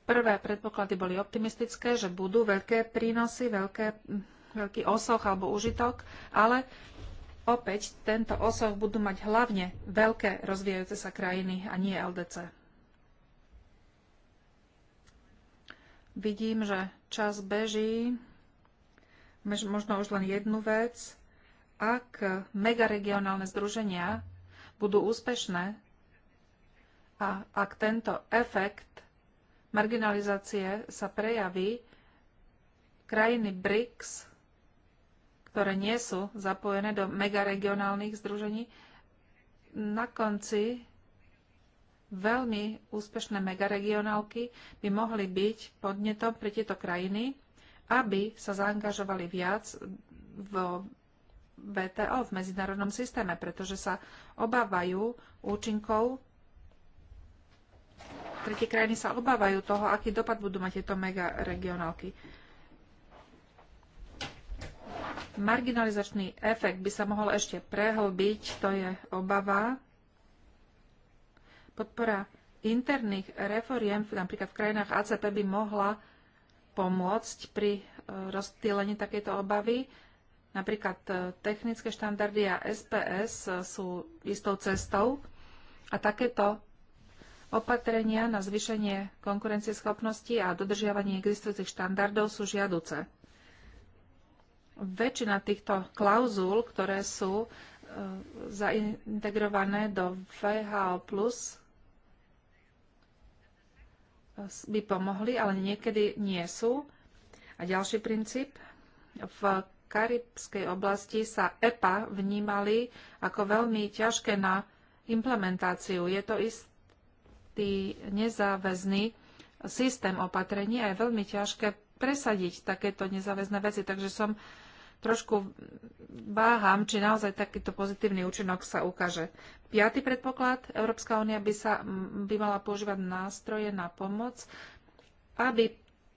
Prvé predpoklady boli optimistické, že budú veľké prínosy, veľké, veľký osoch alebo užitok, ale opäť tento osoch budú mať hlavne veľké rozvíjajúce sa krajiny a nie LDC. Vidím, že čas beží. Možno už len jednu vec. Ak megaregionálne združenia budú úspešné a ak tento efekt marginalizácie sa prejaví, krajiny BRICS, ktoré nie sú zapojené do megaregionálnych združení, na konci veľmi úspešné megaregionálky by mohli byť podnetom pre tieto krajiny, aby sa zaangažovali viac v VTO, v medzinárodnom systéme, pretože sa obávajú účinkov tretie krajiny sa obávajú toho, aký dopad budú mať tieto megaregionálky. Marginalizačný efekt by sa mohol ešte prehlbiť, to je obava, Podpora interných reforiem, napríklad v krajinách ACP, by mohla pomôcť pri e, rozptýlení takejto obavy. Napríklad e, technické štandardy a SPS e, sú istou cestou a takéto opatrenia na zvýšenie konkurencieschopnosti a dodržiavanie existujúcich štandardov sú žiaduce. Väčšina týchto klauzul, ktoré sú zaintegrované do VHO+, by pomohli, ale niekedy nie sú. A ďalší princíp. V karibskej oblasti sa EPA vnímali ako veľmi ťažké na implementáciu. Je to istý nezáväzný systém opatrení a je veľmi ťažké presadiť takéto nezáväzné veci. Takže som trošku váham, či naozaj takýto pozitívny účinok sa ukáže. Piatý predpoklad, Európska únia by, sa, by mala používať nástroje na pomoc, aby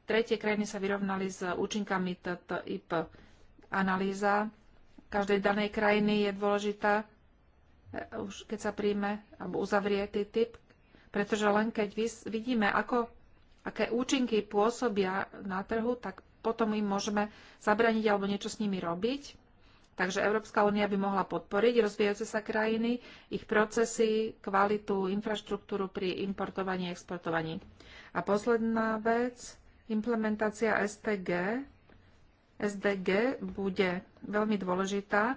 tretie krajiny sa vyrovnali s účinkami TTIP. Analýza každej danej krajiny je dôležitá, e, už keď sa príjme alebo uzavrie TTIP, pretože len keď vidíme, ako, aké účinky pôsobia na trhu, tak potom im môžeme zabraniť alebo niečo s nimi robiť. Takže Európska únia by mohla podporiť rozvíjajúce sa krajiny, ich procesy, kvalitu, infraštruktúru pri importovaní a exportovaní. A posledná vec, implementácia STG. SDG bude veľmi dôležitá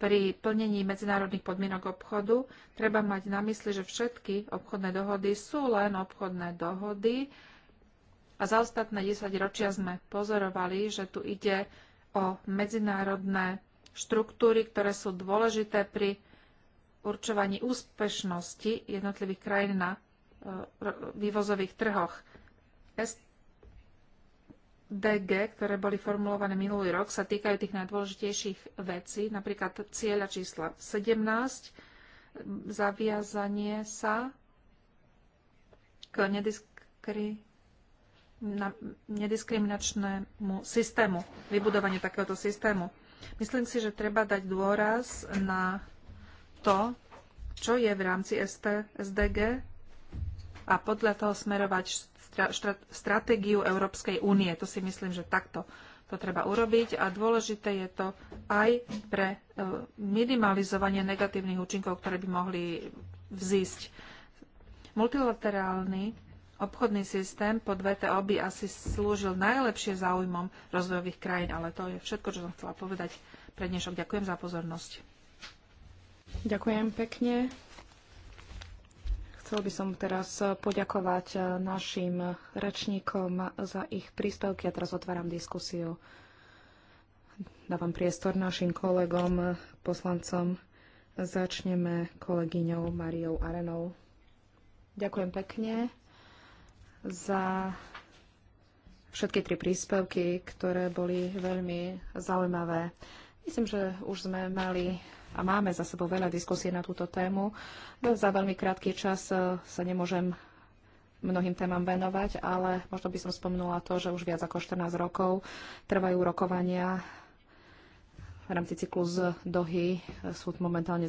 pri plnení medzinárodných podmienok obchodu. Treba mať na mysli, že všetky obchodné dohody sú len obchodné dohody a za ostatné 10 ročia sme pozorovali, že tu ide o medzinárodné štruktúry, ktoré sú dôležité pri určovaní úspešnosti jednotlivých krajín na e, vývozových trhoch. SDG, ktoré boli formulované minulý rok, sa týkajú tých najdôležitejších vecí, napríklad cieľa čísla 17, zaviazanie sa k nediskri nediskriminačnému systému, vybudovaniu takéhoto systému. Myslím si, že treba dať dôraz na to, čo je v rámci ST, SDG a podľa toho smerovať stratégiu Európskej únie. To si myslím, že takto to treba urobiť a dôležité je to aj pre e, minimalizovanie negatívnych účinkov, ktoré by mohli vzísť. Multilaterálny Obchodný systém pod VTO by asi slúžil najlepšie záujmom rozvojových krajín, ale to je všetko, čo som chcela povedať pre dnešok. Ďakujem za pozornosť. Ďakujem pekne. Chcel by som teraz poďakovať eh, našim rečníkom za ich príspevky a teraz otváram diskusiu. Dávam priestor našim kolegom, poslancom. Začneme kolegyňou Mariou Arenou. Ďakujem pekne za všetky tri príspevky, ktoré boli veľmi zaujímavé. Myslím, že už sme mali a máme za sebou veľa diskusie na túto tému. Za veľmi krátky čas e, sa nemôžem mnohým témam venovať, ale možno by som spomnula to, že už viac ako 14 rokov trvajú rokovania v rámci cyklu z Dohy e, sú momentálne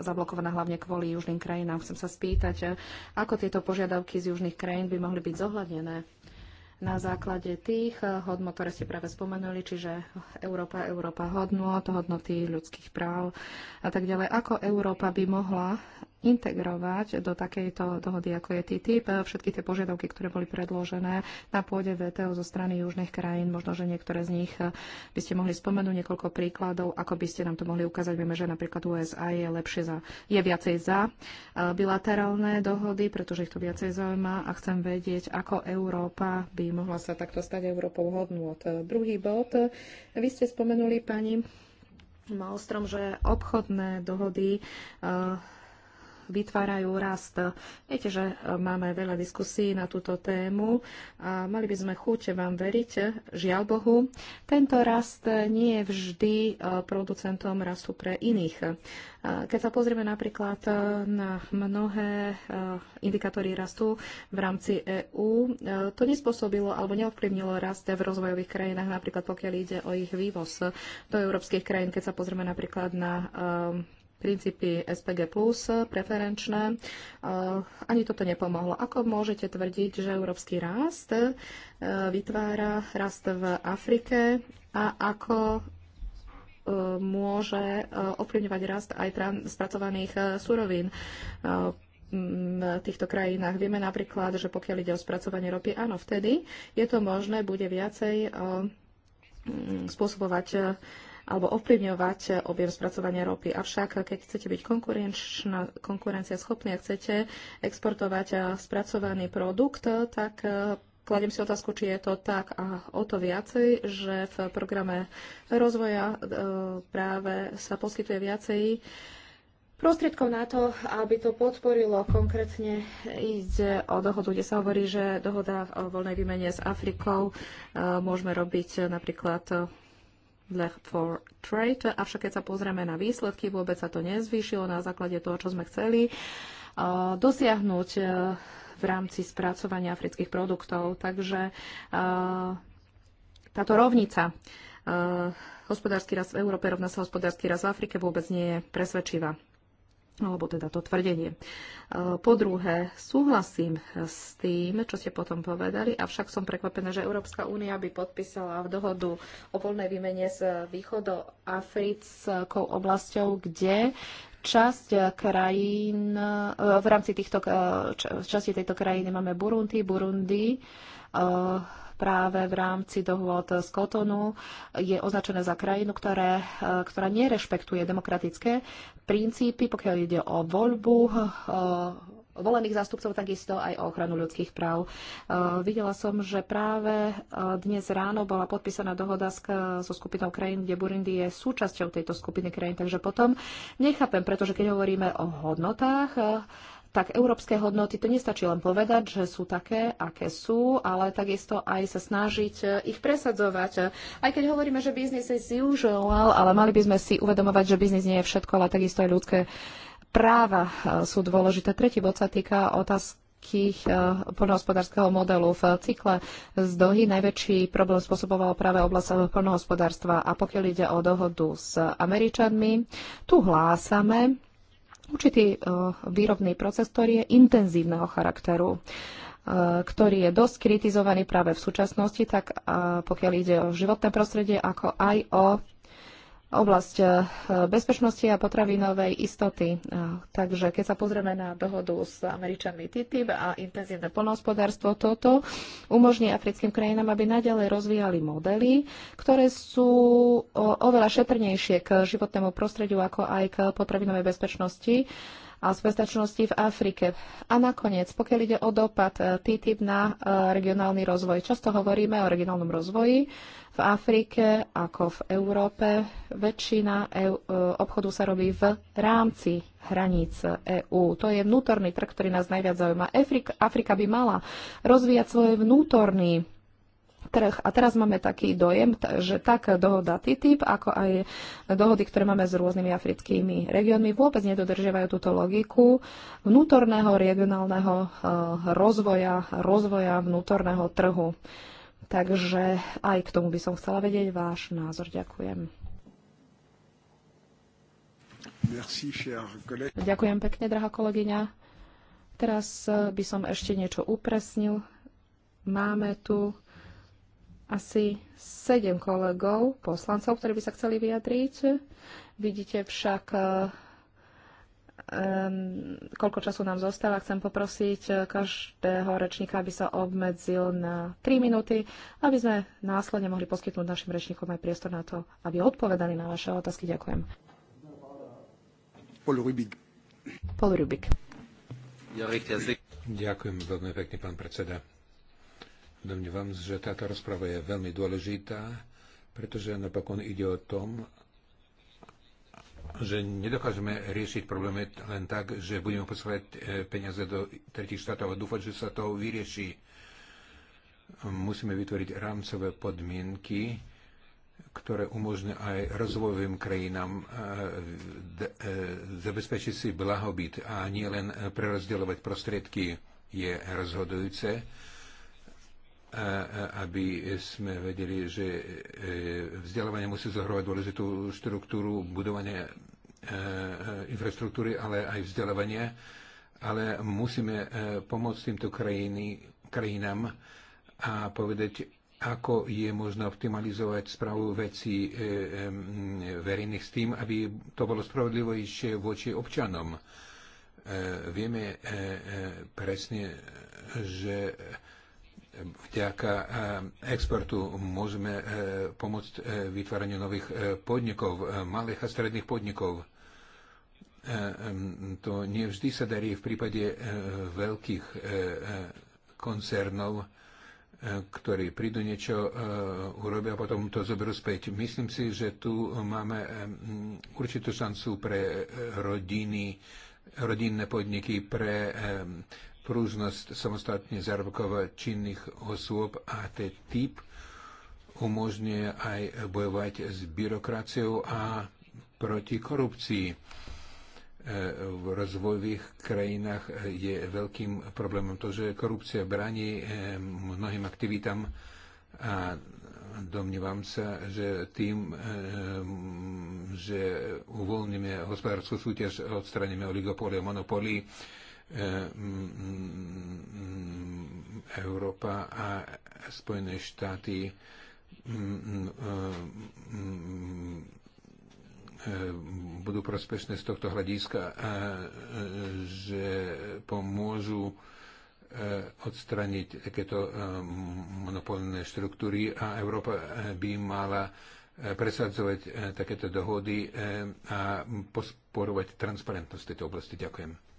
zablokované hlavne kvôli južným krajinám. Chcem sa spýtať, e, ako tieto požiadavky z južných krajín by mohli byť zohľadnené na základe tých e, hodnot, ktoré ste práve spomenuli, čiže Európa, Európa hodnot, hodnoty ľudských práv a tak ďalej. Ako Európa by mohla integrovať do takejto dohody, ako je TTIP, všetky tie požiadavky, ktoré boli predložené na pôde VTO zo strany južných krajín. Možno, že niektoré z nich by ste mohli spomenúť niekoľko príkladov, ako by ste nám to mohli ukázať. Vieme, že napríklad USA je lepšie za, je viacej za e, bilaterálne dohody, pretože ich to viacej zaujíma a chcem vedieť, ako Európa by mohla sa takto stať Európou hodnot. E, druhý bod, vy ste spomenuli pani Malstrom, že obchodné dohody e, vytvárajú rast. Viete, že e, máme veľa diskusí na túto tému a mali by sme chuť vám veriť, žiaľ Bohu. Tento rast nie je vždy e, producentom rastu pre iných. E, keď sa pozrieme napríklad na mnohé indikátory rastu v rámci EÚ, to nespôsobilo alebo neovplyvnilo rast v rozvojových krajinách, napríklad pokiaľ ide o ich vývoz do európskych krajín. Keď sa pozrieme napríklad na princípy SPG+, preferenčné. Eh, ani toto nepomohlo. Ako môžete tvrdiť, že európsky rast eh, vytvára rast v Afrike a ako eh, môže ovplyvňovať rast aj spracovaných surovín v týchto krajinách. Vieme napríklad, že pokiaľ ide o spracovanie ropy, áno, vtedy je to možné, bude viacej spôsobovať alebo ovplyvňovať objem spracovania ropy. Avšak, keď chcete byť konkurencia schopná a chcete exportovať eh, spracovaný produkt, tak eh, Kladiem si otázku, či je to tak a o to viacej, že v programe rozvoja eh, práve sa poskytuje viacej prostriedkov na to, aby to podporilo. Konkrétne ide o dohodu, kde sa hovorí, že dohoda o voľnej výmene s Afrikou môžeme robiť napríklad for Trade, avšak keď sa pozrieme na výsledky, vôbec sa to nezvýšilo na základe toho, čo sme chceli uh, dosiahnuť uh, v rámci spracovania afrických produktov. Takže uh, táto rovnica hospodársky rast v Európe rovná sa hospodársky rast v Afrike vôbec nie je presvedčivá alebo teda to tvrdenie. E, po druhé, súhlasím s tým, čo ste potom povedali, avšak som prekvapená, že Európska únia by podpísala v dohodu o voľnej výmene s východoafrickou oblasťou, kde časť krajín, e, v rámci týchto, e, časti tejto krajiny máme Burundi, Burundi, práve v rámci dohôd z Kotonu je označené za krajinu, ktoré, e, ktorá nerešpektuje demokratické princípy, pokiaľ ide o voľbu e, volených zástupcov, takisto aj o ochranu ľudských práv. E, videla som, že práve dnes ráno bola podpísaná dohoda so skupinou krajín, kde Burundi je súčasťou tejto skupiny krajín, takže potom nechápem, pretože keď hovoríme o hodnotách, tak európske hodnoty, to nestačí len povedať, že sú také, aké sú, ale takisto aj sa snažiť e, ich presadzovať. Aj keď hovoríme, že biznis je usual, ale mali by sme si uvedomovať, že biznis nie je všetko, ale takisto aj ľudské práva e, sú dôležité. Tretí bod sa týka otázky e, poľnohospodárskeho modelu v cykle z Dohy. Najväčší problém spôsoboval práve oblasť poľnohospodárstva. A pokiaľ ide o dohodu s Američanmi, tu hlásame, určitý eh, výrobný proces, ktorý je intenzívneho charakteru eh, ktorý je dosť kritizovaný práve v súčasnosti, tak eh, pokiaľ ide o životné prostredie, ako aj o oblasť eh, bezpečnosti a potravinovej istoty. Eh, takže keď sa pozrieme na dohodu s Američanmi TTIP a intenzívne polnohospodárstvo, toto umožní africkým krajinám, aby naďalej rozvíjali modely, ktoré sú eh, oveľa šetrnejšie k životnému prostrediu, ako aj k potravinovej bezpečnosti a bezpečnosti v Afrike. A nakoniec, pokiaľ ide o dopad eh, TTIP na eh, regionálny rozvoj, často hovoríme o regionálnom rozvoji v Afrike ako v Európe. Väčšina eh, obchodu sa robí v rámci hraníc EÚ. E to je vnútorný trh, ktorý nás najviac zaujíma. Afrika by mala rozvíjať svoj vnútorný trh. A teraz máme taký dojem, že tak dohoda TTIP, ako aj dohody, ktoré máme s rôznymi africkými regiónmi, vôbec nedodržiavajú túto logiku vnútorného regionálneho eh, rozvoja, rozvoja vnútorného trhu. Takže aj k tomu by som chcela vedieť váš názor. Ďakujem. Merci, Ďakujem pekne, drahá kolegyňa. Teraz eh, by som ešte niečo upresnil. Máme tu asi sedem kolegov, poslancov, ktorí by sa chceli vyjadriť. Vidíte však, um, koľko času nám zostáva. Chcem poprosiť eh, každého rečníka, aby sa obmedzil na 3 minúty, aby sme následne mohli poskytnúť našim rečníkom aj priestor na to, aby odpovedali na vaše otázky. Ďakujem. Paul Rubik. Paul Rubik. Ďakujem veľmi pekne, pán predseda. Domnívam, že táto rozprava je veľmi dôležitá, pretože napokon ide o tom, že nedokážeme riešiť problémy len tak, že budeme posielať e, peniaze do tretich štátov a dúfať, že sa to vyrieši. Musíme vytvoriť rámcové podmienky, ktoré umožňujú aj rozvojovým krajinám e, e, zabezpečiť si blahobyt a nielen prerozdeľovať prostriedky je rozhodujúce aby sme vedeli, že e, vzdelávanie musí zohrovať dôležitú štruktúru budovania e, e, infraštruktúry, ale aj vzdelávanie. Ale musíme pomôcť týmto krajiny, krajinám a povedať, ako je možno optimalizovať správu veci verejných s tým, aby to bolo spravodlivejšie voči občanom. Vieme presne, že vďaka eh, exportu môžeme eh, pomôcť eh, vytváraniu nových podnikov, malých a stredných podnikov. To nevždy sa darí v prípade veľkých koncernov, ktorí prídu niečo, urobia a potom to zoberú späť. Myslím si, že tu máme určitú šancu pre rodiny, rodinné podniky, pre pružnost samostatne zárobkovo činných osôb a ten typ umožňuje aj bojovať s byrokraciou a proti korupcii. E, v rozvojových krajinách je veľkým problémom to, že korupcia bráni e, mnohým aktivitám a domnívam sa, že tým, e, že uvoľníme hospodárskú súťaž, odstraníme oligopóly a monopóly, E, Európa a Spojené štáty e, e, budú prospešné z tohto hľadiska, že pomôžu odstraniť takéto monopolné štruktúry a Európa by mala presadzovať takéto dohody a posporovať transparentnosť tejto oblasti. Ďakujem.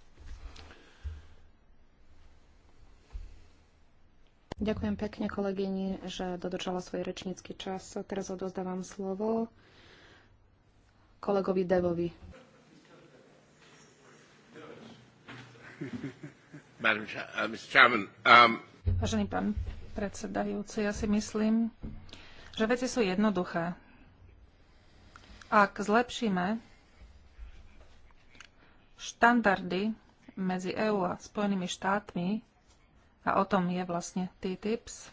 Ďakujem pekne kolegyni, že dodržala svoj rečnícky čas. Teraz odozdávam slovo kolegovi Devovi. Uh, um, Vážený pán predsedajúci, ja si myslím, že veci sú jednoduché. Ak zlepšíme štandardy medzi EÚ a Spojenými štátmi, a o tom je vlastne TTIPS.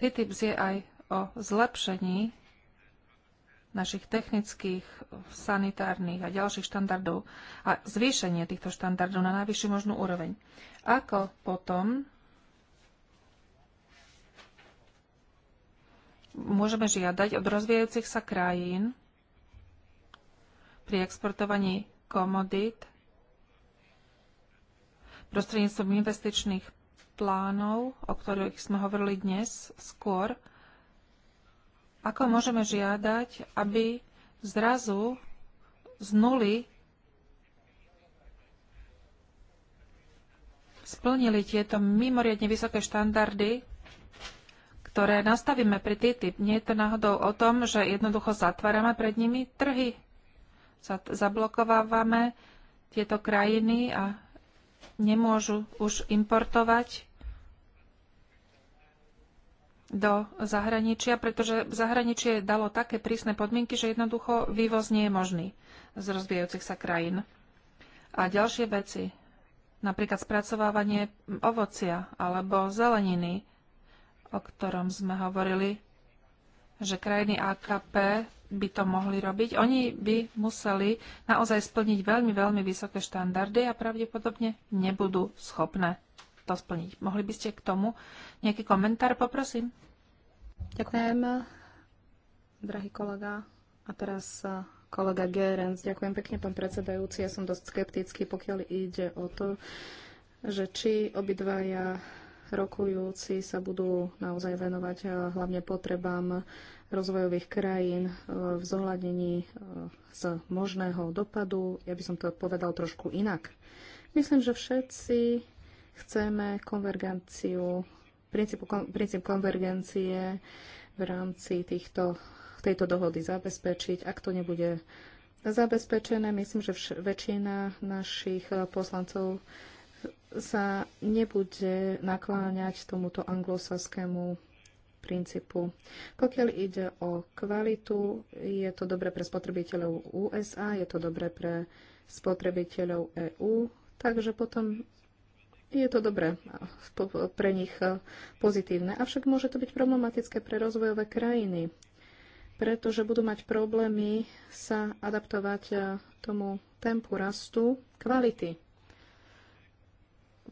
TTIPS je aj o zlepšení našich technických, sanitárnych a ďalších štandardov a zvýšenie týchto štandardov na najvyššiu možnú úroveň. Ako potom môžeme žiadať od rozvíjajúcich sa krajín pri exportovaní komodít prostredníctvom investičných plánov, o ktorých sme hovorili dnes skôr, ako môžeme žiadať, aby zrazu z nuly splnili tieto mimoriadne vysoké štandardy, ktoré nastavíme pri TTIP. Nie je to náhodou o tom, že jednoducho zatvárame pred nimi trhy. Zablokovávame tieto krajiny a nemôžu už importovať do zahraničia, pretože zahraničie dalo také prísne podmienky, že jednoducho vývoz nie je možný z rozvíjajúcich sa krajín. A ďalšie veci, napríklad spracovávanie ovocia alebo zeleniny, o ktorom sme hovorili že krajiny AKP by to mohli robiť. Oni by museli naozaj splniť veľmi, veľmi vysoké štandardy a pravdepodobne nebudú schopné to splniť. Mohli by ste k tomu nejaký komentár, poprosím? Ďakujem, drahý kolega. A teraz eh, kolega Gerens. Ďakujem pekne, pán predsedajúci. Ja som dosť skeptický, pokiaľ ide o to, že či obidvaja rokujúci sa budú naozaj venovať eh, hlavne potrebám rozvojových krajín eh, v zohľadnení eh, z možného dopadu. Ja by som to povedal trošku inak. Myslím, že všetci chceme konvergenciu, princíp, princíp konvergencie v rámci týchto, tejto dohody zabezpečiť. Ak to nebude zabezpečené, myslím, že väčšina našich poslancov sa nebude nakláňať tomuto anglosaskému princípu. Pokiaľ ide o kvalitu, je to dobre pre spotrebiteľov USA, je to dobre pre spotrebiteľov EÚ, takže potom je to dobré pre nich pozitívne. Avšak môže to byť problematické pre rozvojové krajiny, pretože budú mať problémy sa adaptovať tomu tempu rastu kvality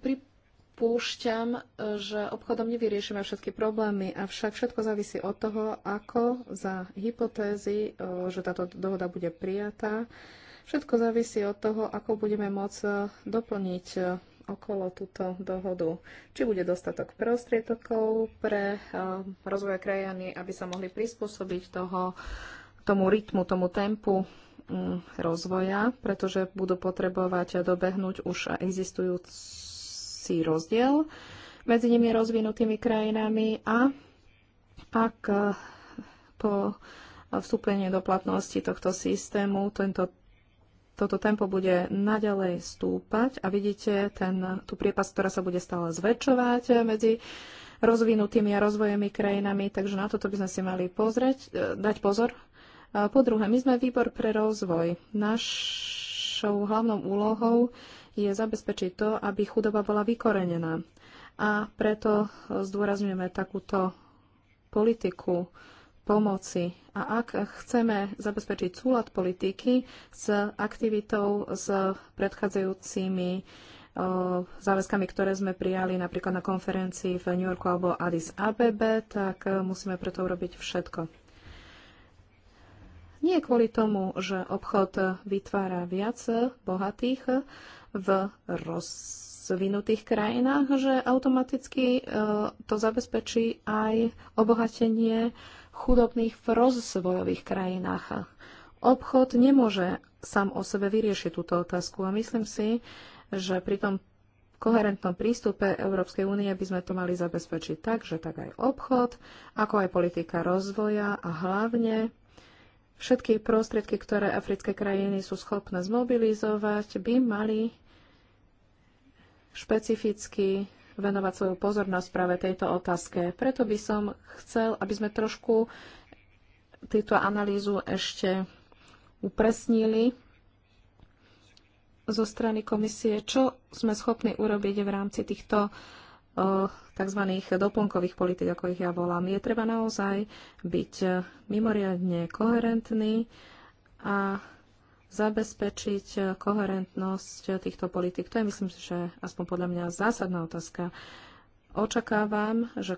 pripúšťam, e, že obchodom nevyriešime všetky problémy, avšak všetko závisí od toho, ako za hypotézy, e, že táto dohoda bude prijatá, všetko závisí od toho, ako budeme môcť e, doplniť okolo túto dohodu. Či bude dostatok prostriedokov pre rozvoj krajiny, aby sa mohli prispôsobiť toho, tomu rytmu, tomu tempu mm, rozvoja, pretože budú potrebovať dobehnúť už existujúc si rozdiel medzi nimi rozvinutými krajinami a ak eh, po vstúpenie do platnosti tohto systému tento, toto tempo bude naďalej stúpať a vidíte ten, tú priepas, ktorá sa bude stále zväčšovať eh, medzi rozvinutými a rozvojemi krajinami, takže na toto by sme si mali pozrieť, eh, dať pozor. Po druhé, my sme výbor pre rozvoj. Našou hlavnou úlohou je zabezpečiť to, aby chudoba bola vykorenená. A preto e, zdôrazňujeme takúto politiku pomoci. A ak chceme zabezpečiť súlad politiky s aktivitou, s predchádzajúcimi e, záväzkami, ktoré sme prijali napríklad na konferencii v New Yorku alebo Addis Abebe, tak e, musíme preto urobiť všetko. Nie kvôli tomu, že obchod vytvára viac bohatých, v rozvinutých krajinách, že automaticky e, to zabezpečí aj obohatenie chudobných v rozvojových krajinách. Obchod nemôže sám o sebe vyriešiť túto otázku a myslím si, že pri tom koherentnom prístupe Európskej únie by sme to mali zabezpečiť tak, že tak aj obchod, ako aj politika rozvoja a hlavne všetky prostriedky, ktoré africké krajiny sú schopné zmobilizovať, by mali špecificky venovať svoju pozornosť práve tejto otázke. Preto by som chcel, aby sme trošku túto analýzu ešte upresnili zo strany komisie, čo sme schopní urobiť v rámci týchto eh, tzv. doplnkových politik, ako ich ja volám. Je treba naozaj byť eh, mimoriadne koherentný a zabezpečiť eh, koherentnosť eh, týchto politik. To je, myslím si, že aspoň podľa mňa zásadná otázka. Očakávam, že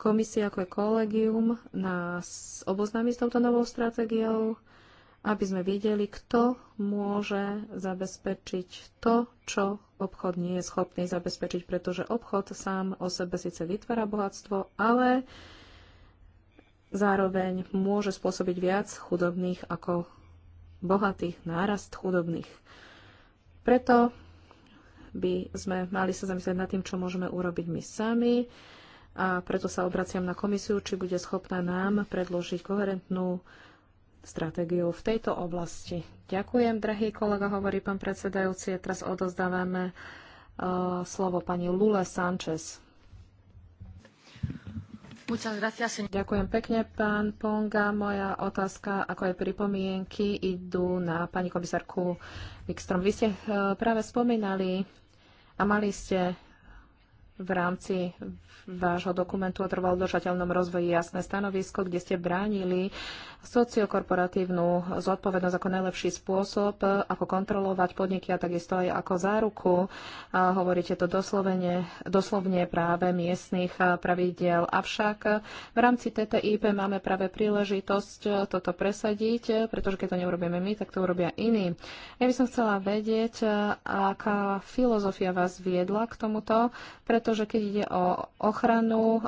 komisia ako je kolegium nás oboznámi s touto novou stratégiou, aby sme videli, kto môže zabezpečiť to, čo obchod nie je schopný zabezpečiť, pretože obchod sám o sebe síce vytvára bohatstvo, ale zároveň môže spôsobiť viac chudobných ako bohatých, nárast chudobných. Preto by sme mali sa zamyslieť nad tým, čo môžeme urobiť my sami a preto sa obraciam na komisiu, či bude schopná nám predložiť koherentnú stratégiu v tejto oblasti. Ďakujem, drahý kolega, hovorí pán predsedajúci. Teraz odozdávame uh, slovo pani Lule Sanchez. Ďakujem pekne, pán Ponga. Moja otázka, ako aj pripomienky, idú na pani komisárku Wikstrom. Vy ste eh, práve spomínali a mali ste v rámci vášho dokumentu o trvalodržateľnom rozvoji jasné stanovisko, kde ste bránili sociokorporatívnu zodpovednosť ako najlepší spôsob, ako kontrolovať podniky a takisto aj ako záruku. A hovoríte to doslovene, doslovne práve miestnych pravidiel. Avšak v rámci TTIP máme práve príležitosť toto presadiť, pretože keď to neurobíme my, tak to urobia iní. Ja by som chcela vedieť, aká filozofia vás viedla k tomuto, preto pretože keď ide o ochranu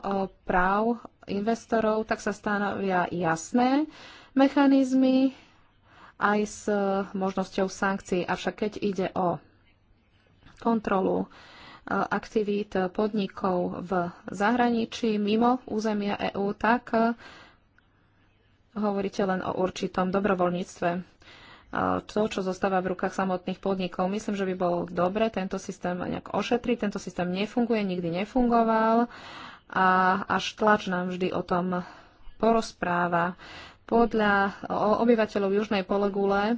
práv investorov, tak sa stanovia jasné mechanizmy aj s možnosťou sankcií. Avšak keď ide o kontrolu e, aktivít podnikov v zahraničí mimo územia EÚ, tak e, hovoríte len o určitom dobrovoľníctve to, čo zostáva v rukách samotných podnikov. Myslím, že by bolo dobre tento systém nejak ošetriť. Tento systém nefunguje, nikdy nefungoval a až tlač nám vždy o tom porozpráva. Podľa obyvateľov južnej polegule e,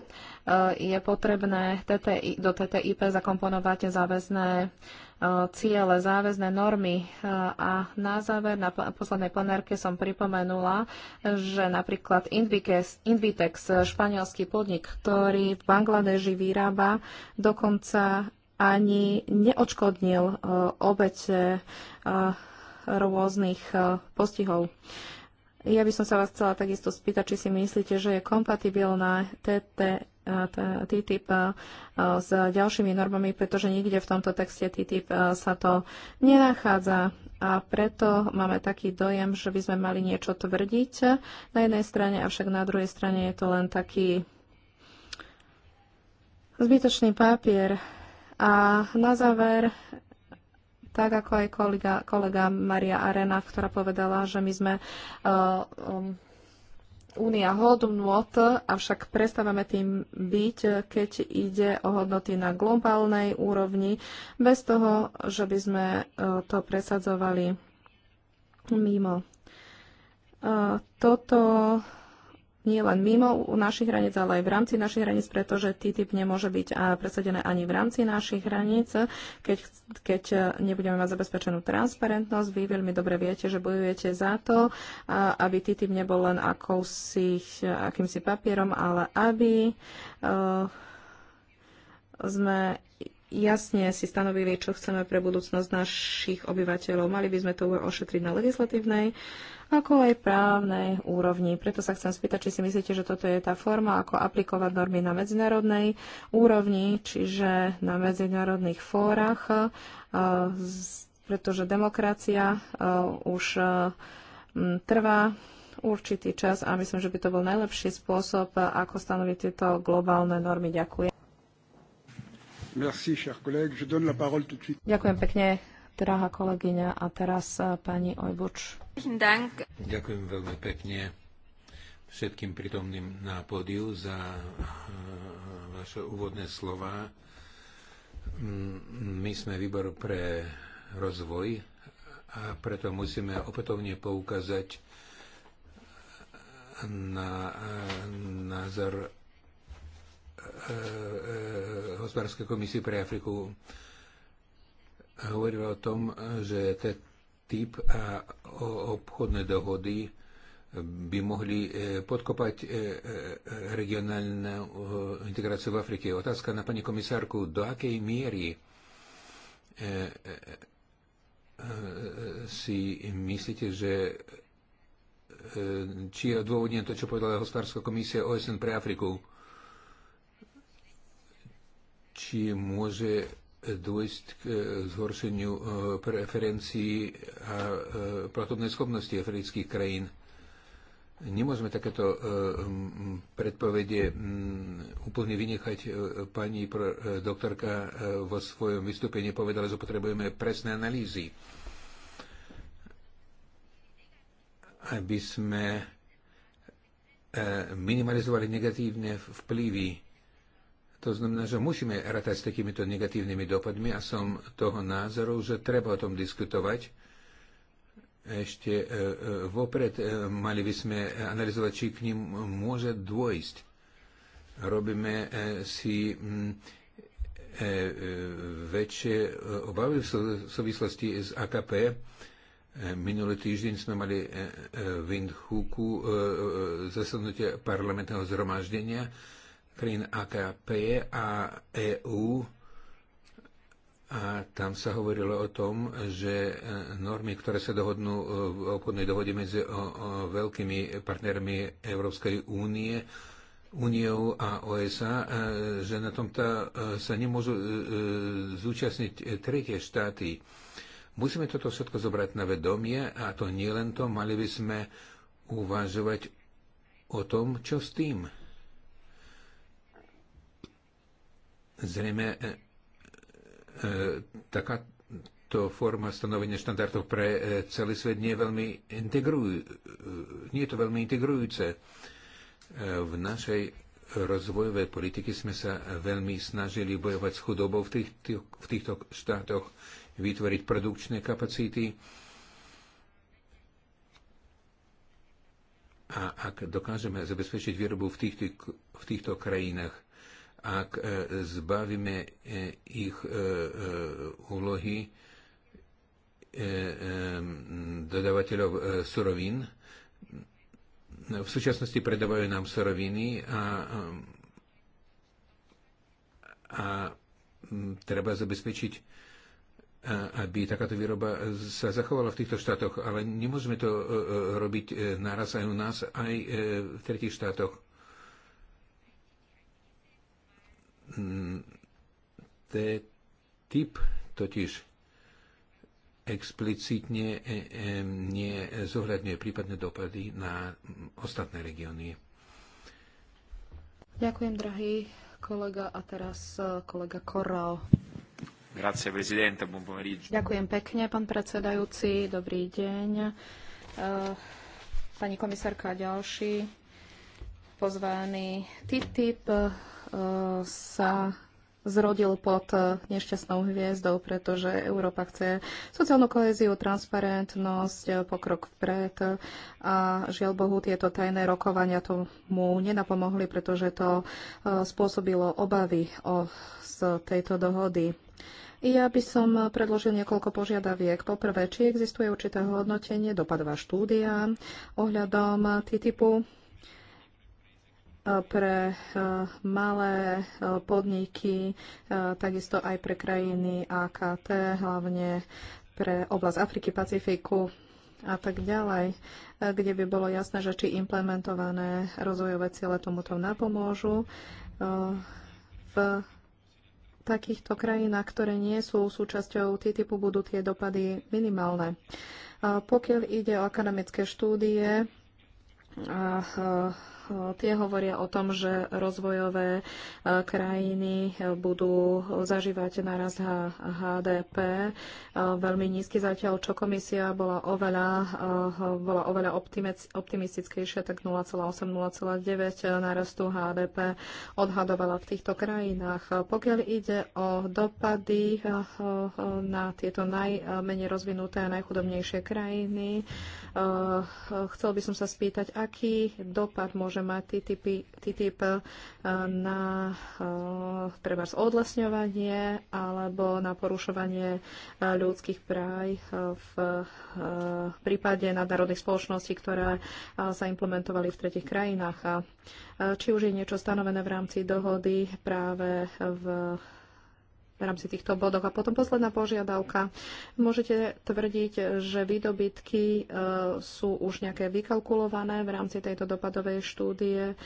je potrebné TTI, do TTIP zakomponovať záväzné E, ciele, záväzné normy. E, a na záver, na poslednej plenárke som pripomenula, že napríklad Invitex, e, španielský podnik, ktorý v Bangladeži vyrába, dokonca ani neočkodnil obete rôznych postihov. Ja by som sa vás chcela takisto spýtať, či si myslíte, že je kompatibilná TT TTIP eh, s ďalšími normami, pretože nikde v tomto texte TTIP eh, sa to nenachádza. A preto máme taký dojem, že by sme mali niečo tvrdiť na jednej strane, avšak na druhej strane je to len taký zbytočný papier. A na záver tak ako aj kolega, kolega Maria Arena, ktorá povedala, že my sme uh, um, únia hodnot, avšak prestávame tým byť, keď ide o hodnoty na globálnej úrovni, bez toho, že by sme e, to presadzovali mimo. E, toto nie len mimo našich hraníc, ale aj v rámci našich hraníc, pretože TTIP nemôže byť presadené ani v rámci našich hraníc, keď, keď e, nebudeme mať zabezpečenú transparentnosť. Vy veľmi dobre viete, že bojujete za to, aby TTIP nebol len akousi, e, akýmsi papierom, ale aby uh, sme jasne si stanovili, čo chceme pre budúcnosť našich obyvateľov. Mali by sme to ošetriť na legislatívnej ako aj právnej úrovni. Preto sa chcem spýtať, či si myslíte, že toto je tá forma, ako aplikovať normy na medzinárodnej úrovni, čiže na medzinárodných fórach, eh, pretože demokracia eh, už eh, trvá určitý čas a myslím, že by to bol najlepší spôsob, ako stanoviť tieto globálne normy. Ďakujem. Ďakujem pekne, drahá kolegyňa. A teraz eh, pani Ojbuč. Ďakujem veľmi pekne všetkým pritomným na pódiu za eh, vaše úvodné slova. Mm, my sme výbor pre rozvoj a preto musíme opätovne poukázať na eh, názor E, e, hospodárskej komisii pre Afriku hovorila o tom, že ten typ a obchodné dohody by mohli e, podkopať regionálnu integráciu v Afrike. Otázka na pani komisárku, do akej miery si myslíte, že či je odôvodnené to, čo povedala hospodárska komisia OSN pre Afriku, či môže dôjsť k e, zhoršeniu e, preferencií a e, platobnej schopnosti afrických krajín. Nemôžeme takéto predpovede úplne vynechať. Pani doktorka vo svojom vystúpení povedala, že potrebujeme presné analýzy, aby sme minimalizovali negatívne vplyvy to znamená, že musíme ratať s takýmito negatívnymi dopadmi a som toho názoru, že treba o tom diskutovať. Ešte e, e, vopred e, mali by sme analyzovať, či k ním môže dôjsť. Robíme si mm, väčšie obavy v súvislosti s AKP. Minulý týždeň sme mali v Indhuku zasadnutie parlamentného zhromaždenia krajín AKP a EU a tam sa hovorilo o tom, že e, normy, ktoré sa dohodnú e, v obchodnej dohode medzi veľkými partnermi Európskej únie, Uniou a OSA, e, že na tomto sa nemôžu zúčastniť tretie štáty. Musíme toto všetko zobrať na vedomie a to nie len to, mali by sme uvažovať o tom, čo s tým. Zrejme e, e, e, takáto forma stanovenia štandardov pre celý svet nie je veľmi integrujúce. nie je to veľmi integrujúce. V našej rozvojovej politiky sme sa veľmi snažili bojovať s chudobou v, tých, tých, v týchto štátoch, vytvoriť produkčné kapacity. A ak dokážeme zabezpečiť výrobu v týchto, v týchto krajinách, ak e, zbavíme e, ich e, úlohy dodávateľov surovín, v súčasnosti predávajú nám suroviny a, a treba zabezpečiť, aby takáto výroba sa zachovala v týchto štátoch, ale nemôžeme to robiť naraz aj u nás, aj v tretich štátoch. Ten typ totiž explicitne e, e, nezohľadňuje prípadné dopady na ostatné regióny. Ďakujem, drahý kolega. A teraz e, kolega Korral. Grazie, Buon pomeriggio. Ďakujem pekne, pán predsedajúci. Dobrý deň. Pani komisárka, ďalší pozvaný TTIP sa zrodil pod e, nešťastnou hviezdou, pretože Európa chce sociálnu koéziu, transparentnosť, e, pokrok vpred a žiaľ Bohu tieto tajné rokovania tomu nenapomohli, pretože to e, spôsobilo obavy o, z tejto dohody. Ja by som predložil niekoľko požiadaviek. Poprvé, či existuje určité hodnotenie, dopadová štúdia ohľadom TTIPu pre e, malé e, podniky, e, takisto aj pre krajiny AKT, hlavne pre oblasť Afriky, Pacifiku a tak ďalej, kde by bolo jasné, že či implementované rozvojové ciele tomuto napomôžu v takýchto krajinách, ktoré nie sú súčasťou TTIPu, budú tie dopady minimálne. Pokiaľ ide o akademické štúdie, a Tie hovoria o tom, že rozvojové e, krajiny e, budú zažívať naraz HDP e, veľmi nízky zatiaľ, čo komisia bola oveľa, bola oveľa optimistickejšia, tak 0,8-0,9 narastu HDP odhadovala v týchto krajinách. Pokiaľ ide o dopady na tieto najmenej rozvinuté a najchudobnejšie krajiny, chcel by som sa spýtať, aký dopad môže má TTIP, TTIP eh, na treba eh, odlesňovanie alebo na porušovanie eh, ľudských práv v prípade nadnárodných spoločností, ktoré sa implementovali v tretich krajinách. A či už je niečo stanovené v rámci dohody práve v v rámci týchto bodov A potom posledná požiadavka. Môžete tvrdiť, že výdobytky e, sú už nejaké vykalkulované v rámci tejto dopadovej štúdie,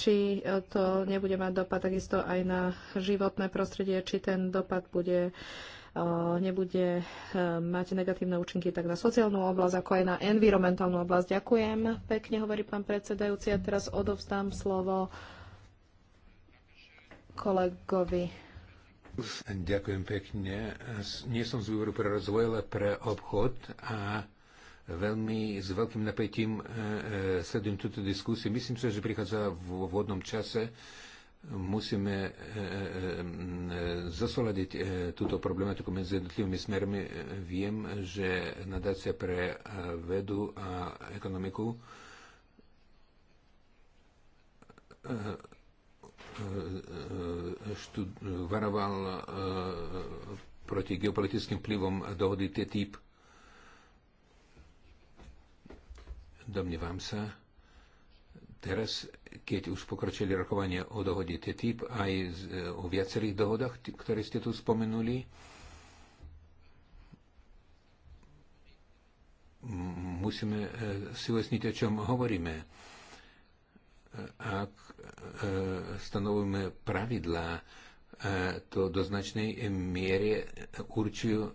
či e, to nebude mať dopad takisto aj na životné prostredie, či ten dopad bude e, nebude mať negatívne účinky tak na sociálnu oblasť, ako aj na environmentálnu oblasť. Ďakujem pekne, hovorí pán predsedajúci. A teraz odovzdám slovo kolegovi Ďakujem pekne. Nie som z výboru pre rozvoj, ale pre obchod a veľmi s veľkým napätím e, e, sledujem túto diskusiu. Myslím si, že prichádza v vodnom čase. Musíme e, zasoladiť túto problematiku medzi jednotlivými smermi. Viem, že nadácia pre vedu a ekonomiku E, e, štud, varoval e, proti geopolitickým vplyvom dohody TTIP. Domnievam sa, teraz, keď už pokročili rokovanie o dohode TTIP aj o viacerých dohodách, ktoré ste tu spomenuli, musíme si uvesniť, o čom hovoríme. Ak E, stanovujeme pravidlá, e, to do značnej miery určujú, e,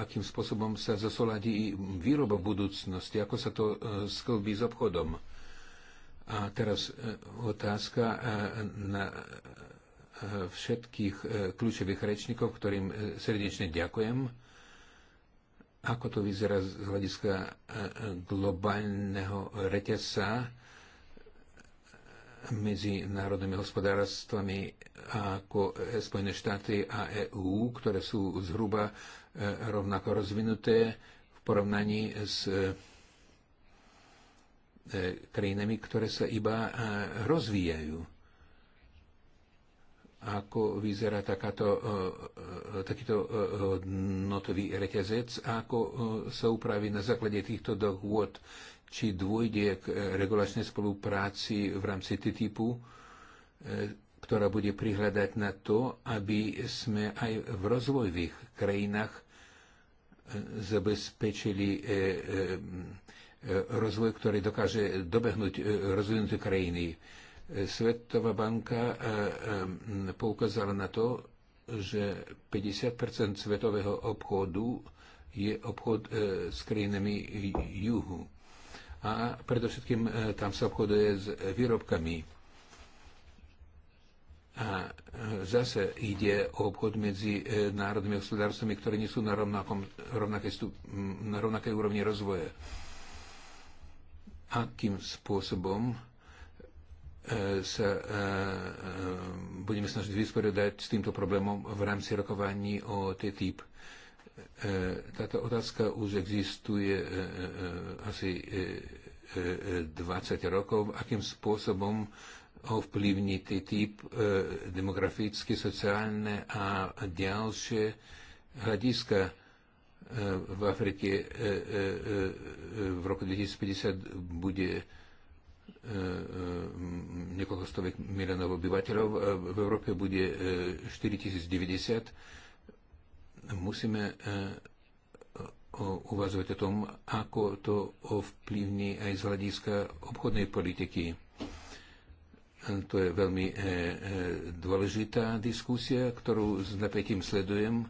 akým spôsobom sa zasoladí výroba budúcnosti, ako sa to sklbí s obchodom. A teraz otázka na všetkých kľúčových rečníkov, ktorým srdečne ďakujem. Ako to vyzerá z hľadiska globálneho reťazca? medzi národnými hospodárstvami ako Spojené štáty a EÚ, ktoré sú zhruba e, rovnako rozvinuté v porovnaní s e, e, krajinami, ktoré sa iba rozvíjajú. Ako vyzerá takáto, takýto hodnotový reťazec ako sa upraví na základe týchto dohôd či dôjde k e, regulačnej spolupráci v rámci TTIPu, e, ktorá bude prihľadať na to, aby sme aj v rozvojových krajinách e, zabezpečili rozvoj, ktorý dokáže dobehnúť rozvinuté krajiny. Svetová banka poukázala na to, že 50 svetového obchodu je obchod s krajinami juhu a predovšetkým e, tam sa obchoduje s výrobkami. A e, zase ide o obchod medzi e, národnými hospodárstvami, ktoré nie sú na, rovnakom, rovnakej, stup, na rovnakej úrovni rozvoja. Akým spôsobom sa budeme snažiť vysporiadať s týmto problémom v rámci rokovaní o TTIP? E, táto otázka už existuje e, e, asi 20 rokov, akým spôsobom ovplyvní typ demografické, sociálne a ďalšie hľadiska v Afrike v roku 2050 bude niekoľko stovek miliónov obyvateľov, v Európe bude 4090 musíme e, e, uvažovať o tom, ako to ovplyvní aj z hľadiska obchodnej politiky. E, to je veľmi dôležitá diskusia, ktorú s napätím sledujem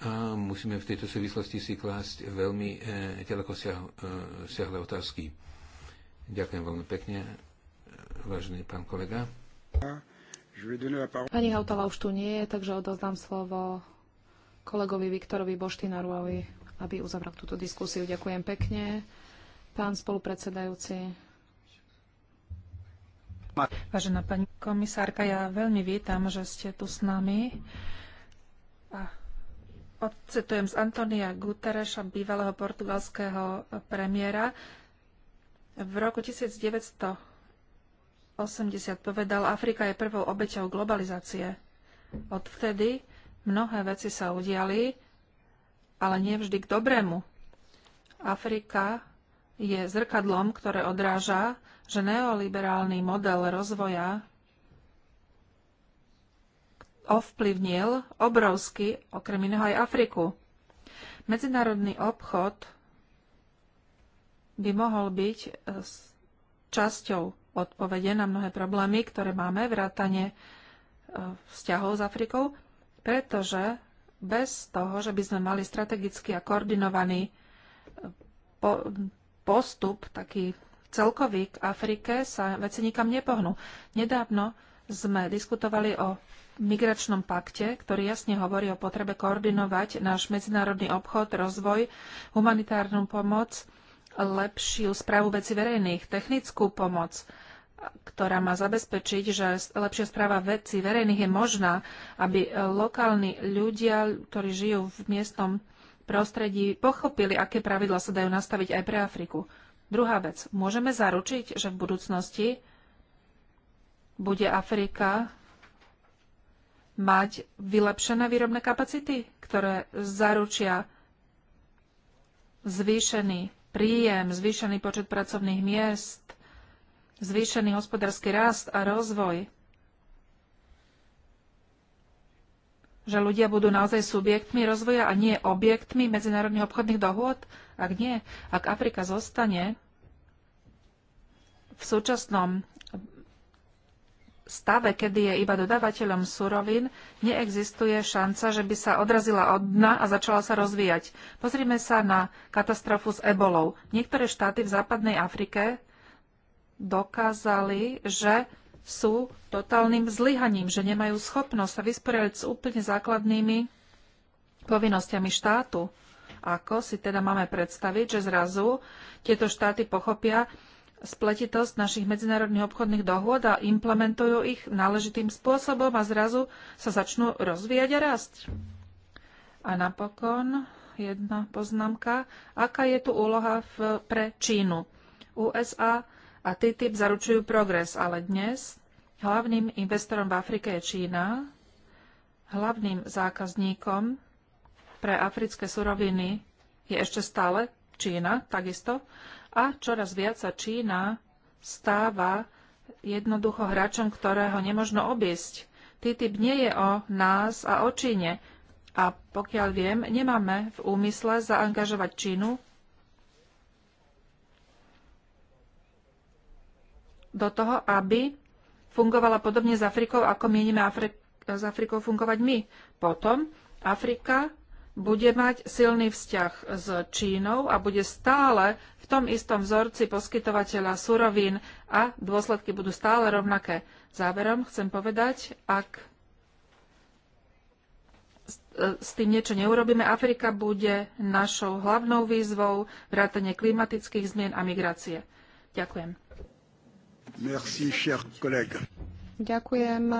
a musíme v tejto súvislosti si klásť veľmi ďaleko siahle otázky. Ďakujem veľmi pekne, vážený pán kolega. Pani Hautala už tu nie je, takže odozdám slovo kolegovi Viktorovi Boštinarovi, aby uzavrel túto diskusiu. Ďakujem pekne. Pán spolupredsedajúci. Vážená pani komisárka, ja veľmi vítam, že ste tu s nami. A odcetujem z Antonia Gutereša, bývalého portugalského premiéra. V roku 1980 povedal, Afrika je prvou obeťou globalizácie. Odvtedy Mnohé veci sa udiali, ale nie vždy k dobrému. Afrika je zrkadlom, ktoré odráža, že neoliberálny model rozvoja ovplyvnil obrovsky, okrem iného aj Afriku. Medzinárodný obchod by mohol byť e, časťou odpovede na mnohé problémy, ktoré máme, vrátane e, vzťahov s Afrikou, pretože bez toho, že by sme mali strategicky a koordinovaný e, po, postup, taký celkový k Afrike, sa veci nikam nepohnú. Nedávno sme diskutovali o migračnom pakte, ktorý jasne hovorí o potrebe koordinovať náš medzinárodný obchod, rozvoj, humanitárnu pomoc, lepšiu správu veci verejných, technickú pomoc, ktorá má zabezpečiť, že lepšia správa veci verejných je možná, aby lokálni ľudia, ktorí žijú v miestnom prostredí, pochopili, aké pravidla sa dajú nastaviť aj pre Afriku. Druhá vec. Môžeme zaručiť, že v budúcnosti bude Afrika mať vylepšené výrobné kapacity, ktoré zaručia zvýšený príjem, zvýšený počet pracovných miest, zvýšený hospodársky rast a rozvoj, že ľudia budú naozaj subjektmi rozvoja a nie objektmi medzinárodných obchodných dohôd? Ak nie, ak Afrika zostane v súčasnom stave, kedy je iba dodávateľom surovín, neexistuje šanca, že by sa odrazila od dna a začala sa rozvíjať. Pozrime sa na katastrofu s ebolou. Niektoré štáty v západnej Afrike dokázali, že sú totálnym zlyhaním, že nemajú schopnosť sa vysporiadať s úplne základnými povinnosťami štátu. Ako si teda máme predstaviť, že zrazu tieto štáty pochopia spletitosť našich medzinárodných obchodných dohôd a implementujú ich náležitým spôsobom a zrazu sa začnú rozvíjať a rásť. A napokon jedna poznámka. Aká je tu úloha v, pre Čínu? USA a TTIP zaručujú progres, ale dnes hlavným investorom v Afrike je Čína, hlavným zákazníkom pre africké suroviny je ešte stále Čína, takisto, a čoraz viac sa Čína stáva jednoducho hráčom, ktorého nemožno obísť. TTIP nie je o nás a o Číne. A pokiaľ viem, nemáme v úmysle zaangažovať Čínu do toho, aby fungovala podobne s Afrikou, ako mienime Afri- s Afrikou fungovať my. Potom Afrika bude mať silný vzťah s Čínou a bude stále v tom istom vzorci poskytovateľa surovín a dôsledky budú stále rovnaké. Záverom chcem povedať, ak s e, tým niečo neurobíme, Afrika bude našou hlavnou výzvou vrátane klimatických zmien a migrácie. Ďakujem. Merci, cher collègue. Ďakujem.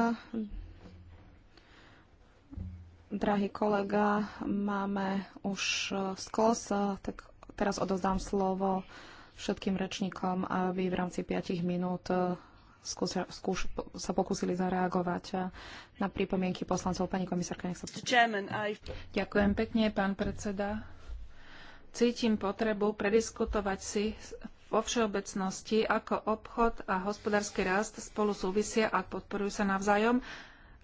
Drahý kolega, máme už sklos, tak teraz odozdám slovo všetkým rečníkom, aby v rámci 5 minút skúša, skúš, sa pokúsili zareagovať na pripomienky poslancov. Pani komisárka, nech sa Ďakujem pekne, pán predseda. Cítim potrebu prediskutovať si vo všeobecnosti, ako obchod a hospodársky rast spolu súvisia a podporujú sa navzájom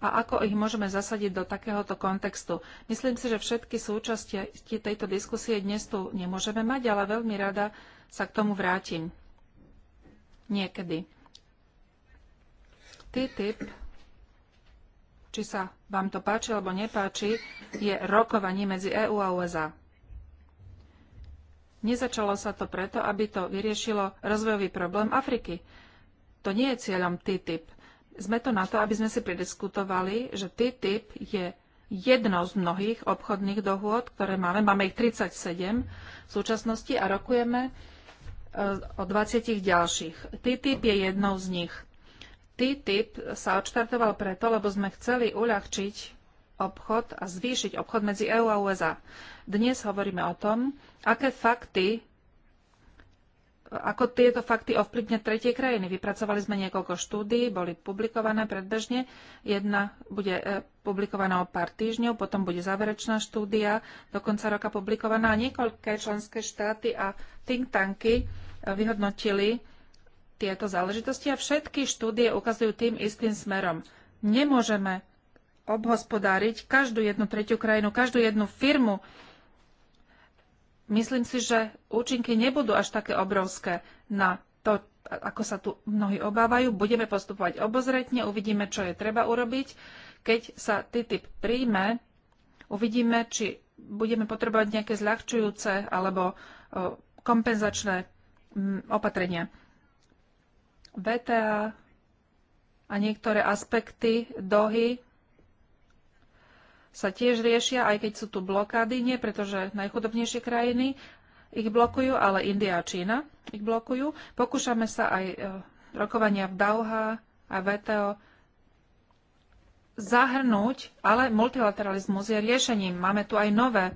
a ako ich môžeme zasadiť do takéhoto kontextu. Myslím si, že všetky súčasti tejto diskusie dnes tu nemôžeme mať, ale veľmi rada sa k tomu vrátim. Niekedy. TTIP, či sa vám to páči alebo nepáči, je rokovanie medzi EÚ a USA. Nezačalo sa to preto, aby to vyriešilo rozvojový problém Afriky. To nie je cieľom TTIP. Sme to na to, aby sme si prediskutovali, že TTIP je jednou z mnohých obchodných dohôd, ktoré máme. Máme ich 37 v súčasnosti a rokujeme eh, o 20 ďalších. TTIP je jednou z nich. TTIP sa odštartoval preto, lebo sme chceli uľahčiť obchod a zvýšiť obchod medzi EÚ a USA. Dnes hovoríme o tom, aké fakty ako tieto fakty ovplyvne tretie krajiny. Vypracovali sme niekoľko štúdí, boli publikované predbežne. Jedna bude e, publikovaná o pár týždňov, potom bude záverečná štúdia, do konca roka publikovaná. Niekoľké členské štáty a think tanky e, vyhodnotili tieto záležitosti a všetky štúdie ukazujú tým istým smerom. Nemôžeme obhospodáriť každú jednu tretiu krajinu, každú jednu firmu. Myslím si, že účinky nebudú až také obrovské na to, ako sa tu mnohí obávajú. Budeme postupovať obozretne, uvidíme, čo je treba urobiť. Keď sa TTIP príjme, uvidíme, či budeme potrebovať nejaké zľahčujúce alebo kompenzačné opatrenia. VTA a niektoré aspekty dohy sa tiež riešia, aj keď sú tu blokády, nie pretože najchudobnejšie krajiny ich blokujú, ale India a Čína ich blokujú. Pokúšame sa aj e, rokovania v Dauha a VTO zahrnúť, ale multilateralizmus je riešením. Máme tu aj nové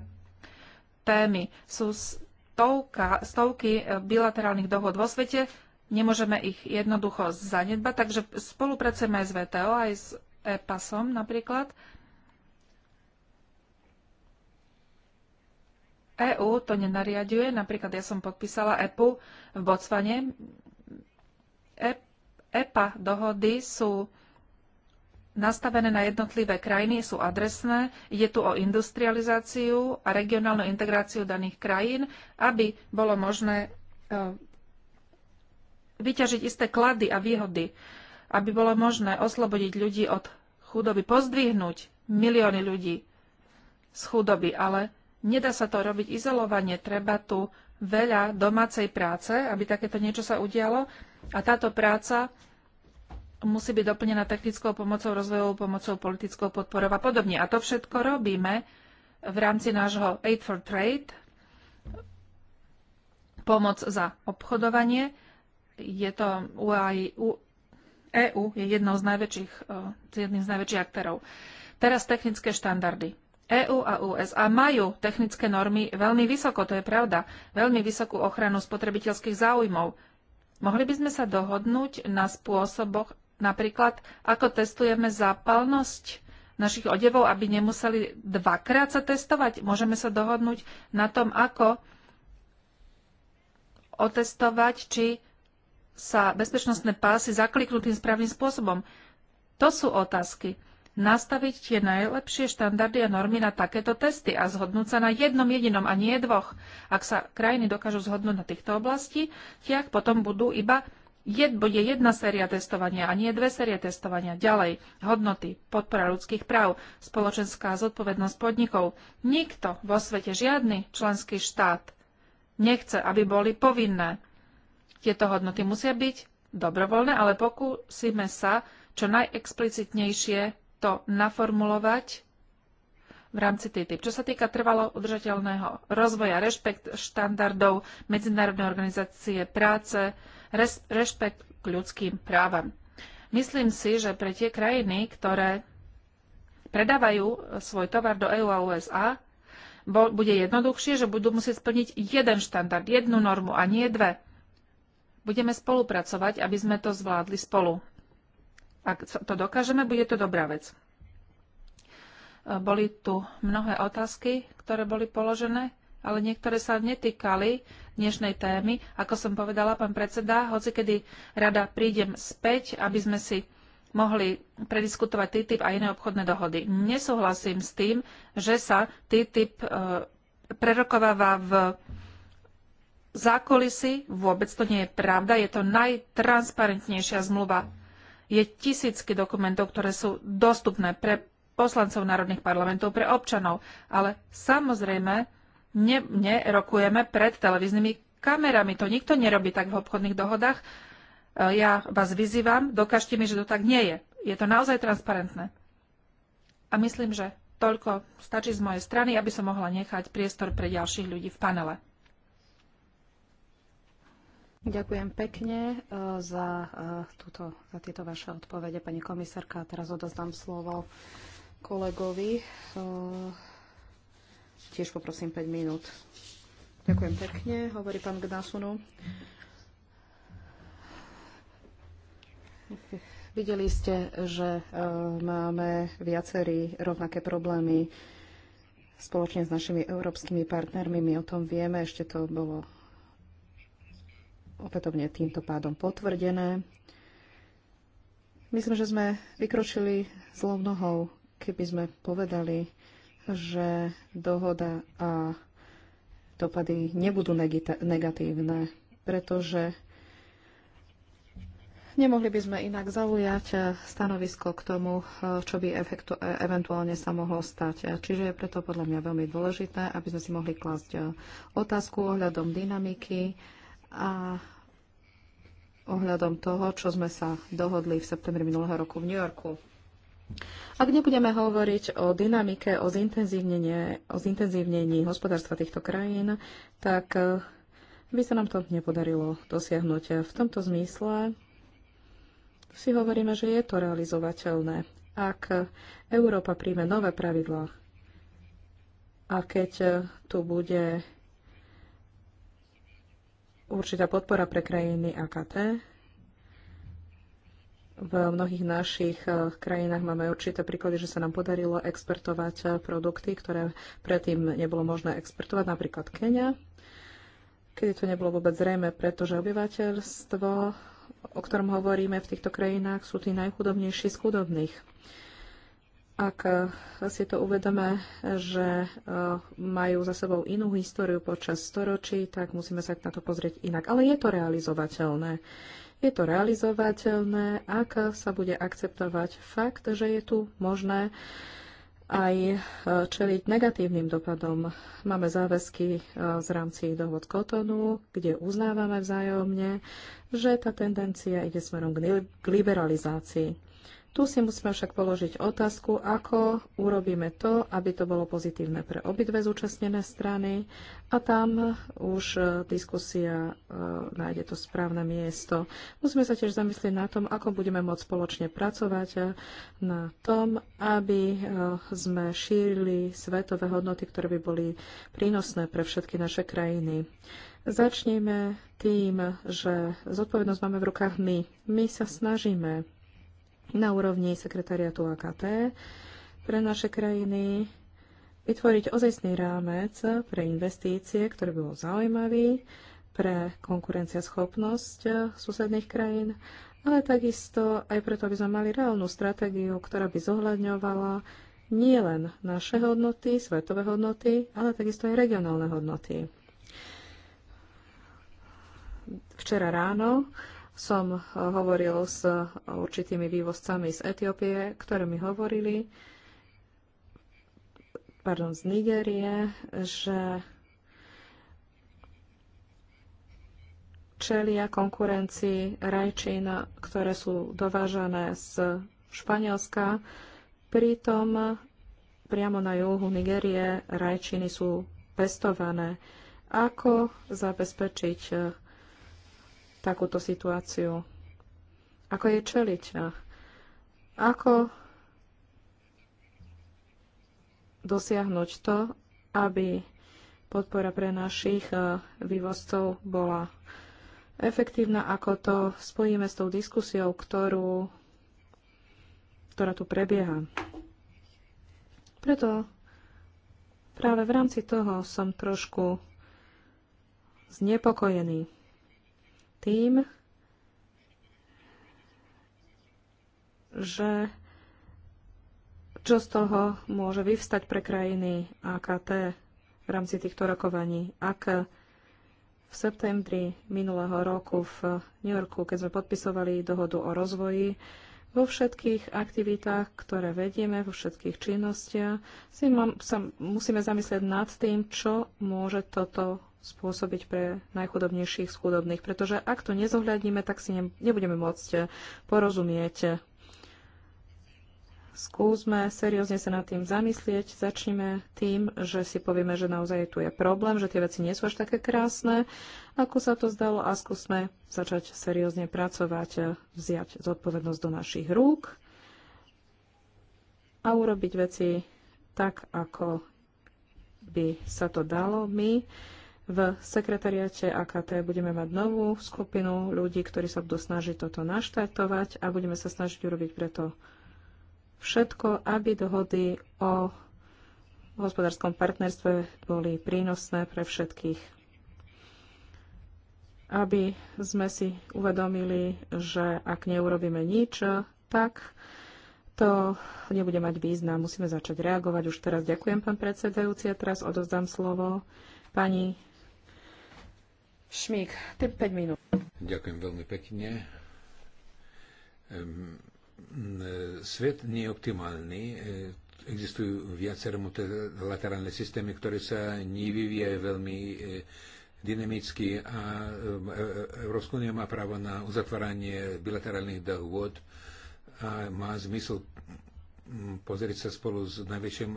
témy. Sú stovka, stovky e, bilaterálnych dohod vo svete, nemôžeme ich jednoducho zanedbať, takže spolupracujeme aj s VTO, aj s EPASom napríklad. EÚ to nenariaduje. Napríklad ja som podpísala EPU v Bocvane. E, EPA dohody sú nastavené na jednotlivé krajiny, sú adresné. Je tu o industrializáciu a regionálnu integráciu daných krajín, aby bolo možné e, vyťažiť isté klady a výhody, aby bolo možné oslobodiť ľudí od chudoby, pozdvihnúť milióny ľudí z chudoby, ale Nedá sa to robiť izolovanie, treba tu veľa domácej práce, aby takéto niečo sa udialo a táto práca musí byť doplnená technickou pomocou, rozvojovou pomocou, politickou podporou a podobne. A to všetko robíme v rámci nášho Aid for Trade, pomoc za obchodovanie. Je to UAI, U, EU e je jednou z najväčších, eh, jedným z najväčších aktérov. Teraz technické štandardy. EÚ a USA majú technické normy veľmi vysoko, to je pravda, veľmi vysokú ochranu spotrebiteľských záujmov. Mohli by sme sa dohodnúť na spôsoboch, napríklad, ako testujeme zápalnosť našich odevov, aby nemuseli dvakrát sa testovať. Môžeme sa dohodnúť na tom, ako otestovať, či sa bezpečnostné pásy zakliknú tým správnym spôsobom. To sú otázky nastaviť tie najlepšie štandardy a normy na takéto testy a zhodnúť sa na jednom jedinom a nie dvoch. Ak sa krajiny dokážu zhodnúť na týchto tiach potom budú iba jed, bude jedna séria testovania a nie dve série testovania. Ďalej, hodnoty, podpora ľudských práv, spoločenská zodpovednosť podnikov. Nikto vo svete, žiadny členský štát nechce, aby boli povinné. Tieto hodnoty musia byť dobrovoľné, ale pokúsime sa čo najexplicitnejšie to naformulovať v rámci TTIP. Čo sa týka trvalo udržateľného rozvoja, rešpekt štandardov Medzinárodnej organizácie práce, res, rešpekt k ľudským právam. Myslím si, že pre tie krajiny, ktoré predávajú svoj tovar do EU a USA, bo, bude jednoduchšie, že budú musieť splniť jeden štandard, jednu normu a nie dve. Budeme spolupracovať, aby sme to zvládli spolu. Ak to dokážeme, bude to dobrá vec. E, boli tu mnohé otázky, ktoré boli položené, ale niektoré sa netýkali dnešnej témy. Ako som povedala, pán predseda, hoci kedy rada prídem späť, aby sme si mohli prediskutovať TTIP a iné obchodné dohody. Nesúhlasím s tým, že sa TTIP e, prerokováva v zákulisi. Vôbec to nie je pravda. Je to najtransparentnejšia zmluva je tisícky dokumentov, ktoré sú dostupné pre poslancov národných parlamentov, pre občanov. Ale samozrejme, ne, nerokujeme pred televíznymi kamerami. To nikto nerobí tak v obchodných dohodách. E, ja vás vyzývam, dokážte mi, že to tak nie je. Je to naozaj transparentné. A myslím, že toľko stačí z mojej strany, aby som mohla nechať priestor pre ďalších ľudí v panele. Ďakujem pekne eh, za, eh, túto, za tieto vaše odpovede, pani komisárka. Teraz odozdám slovo kolegovi. Eh, tiež poprosím 5 minút. Ďakujem pekne, hovorí pán Gnasunu. Videli ste, že máme viacerí rovnaké problémy spoločne s našimi európskymi partnermi. My o tom vieme, ešte to bolo opätovne týmto pádom potvrdené. Myslím, že sme vykročili zlou nohou, keby sme povedali, že dohoda a dopady nebudú negatívne, pretože nemohli by sme inak zaujať stanovisko k tomu, čo by efektu, eventuálne sa mohlo stať. Čiže je preto podľa mňa veľmi dôležité, aby sme si mohli klásť otázku ohľadom dynamiky a ohľadom toho, čo sme sa dohodli v septembri minulého roku v New Yorku. Ak nebudeme hovoriť o dynamike, o zintenzívnení, o zintenzívnení hospodárstva týchto krajín, tak eh, by sa nám to nepodarilo dosiahnuť. V tomto zmysle si hovoríme, že je to realizovateľné. Ak Európa príjme nové pravidlá a keď eh, tu bude určitá podpora pre krajiny AKT. V mnohých našich e, krajinách máme určité príklady, že sa nám podarilo exportovať e, produkty, ktoré predtým nebolo možné exportovať, napríklad Kenia, kedy to nebolo vôbec zrejme, pretože obyvateľstvo, o ktorom hovoríme v týchto krajinách, sú tí najchudobnejší z chudobných ak e, si to uvedome, že e, majú za sebou inú históriu počas storočí, tak musíme sa na to pozrieť inak. Ale je to realizovateľné. Je to realizovateľné, ak sa bude akceptovať fakt, že je tu možné aj e, čeliť negatívnym dopadom. Máme záväzky z rámci dohod Kotonu, kde uznávame vzájomne, že tá tendencia ide smerom k liberalizácii tu si musíme však položiť otázku, ako urobíme to, aby to bolo pozitívne pre obidve zúčastnené strany a tam už e, diskusia e, nájde to správne miesto. Musíme sa tiež zamyslieť na tom, ako budeme môcť spoločne pracovať e, na tom, aby sme šírili svetové hodnoty, ktoré by boli prínosné pre všetky naše krajiny. Začneme tým, že zodpovednosť máme v rukách my. My sa snažíme na úrovni sekretariatu AKT pre naše krajiny, vytvoriť ozajstný rámec pre investície, ktorý by bol zaujímavý, pre konkurenciaschopnosť eh, susedných krajín, ale takisto aj preto, aby sme mali reálnu stratégiu, ktorá by zohľadňovala nielen naše hodnoty, svetové hodnoty, ale takisto aj regionálne hodnoty. Včera ráno som eh, hovoril s eh, určitými vývozcami z Etiópie, ktorí mi hovorili, pardon, z Nigérie, že čelia konkurencii rajčín, ktoré sú dovážané z Španielska. Pritom priamo na juhu Nigérie rajčiny sú pestované. Ako zabezpečiť eh, takúto situáciu? Ako je čeliť? Ako dosiahnuť to, aby podpora pre našich e, vývozcov bola efektívna, ako to spojíme s tou diskusiou, ktorú, ktorá tu prebieha. Preto práve v rámci toho som trošku znepokojený tým, že čo z toho môže vyvstať pre krajiny AKT v rámci týchto rokovaní. Ak v septembri minulého roku v New Yorku, keď sme podpisovali dohodu o rozvoji, vo všetkých aktivitách, ktoré vedieme, vo všetkých činnostiach, si mám, sa musíme zamyslieť nad tým, čo môže toto spôsobiť pre najchudobnejších z chudobných, pretože ak to nezohľadníme, tak si nebudeme môcť porozumieť. Skúsme seriózne sa nad tým zamyslieť, začneme tým, že si povieme, že naozaj tu je problém, že tie veci nie sú až také krásne, ako sa to zdalo a skúsme začať seriózne pracovať, vziať zodpovednosť do našich rúk a urobiť veci tak, ako by sa to dalo. My v sekretariate AKT budeme mať novú skupinu ľudí, ktorí sa budú snažiť toto naštartovať a budeme sa snažiť urobiť preto všetko, aby dohody o hospodárskom partnerstve boli prínosné pre všetkých. Aby sme si uvedomili, že ak neurobíme nič, tak to nebude mať význam. Musíme začať reagovať. Už teraz ďakujem, pán predsedajúci, a teraz odozdám slovo pani Šmík, 5 minút. Ďakujem veľmi pekne. Svet nie je optimálny. E, existujú viaceré multilaterálne systémy, ktoré sa nevyvíjajú veľmi e, dynamicky a e, Európska únia má právo na uzatváranie bilaterálnych dohôd a má zmysel pozrieť sa spolu s najväčším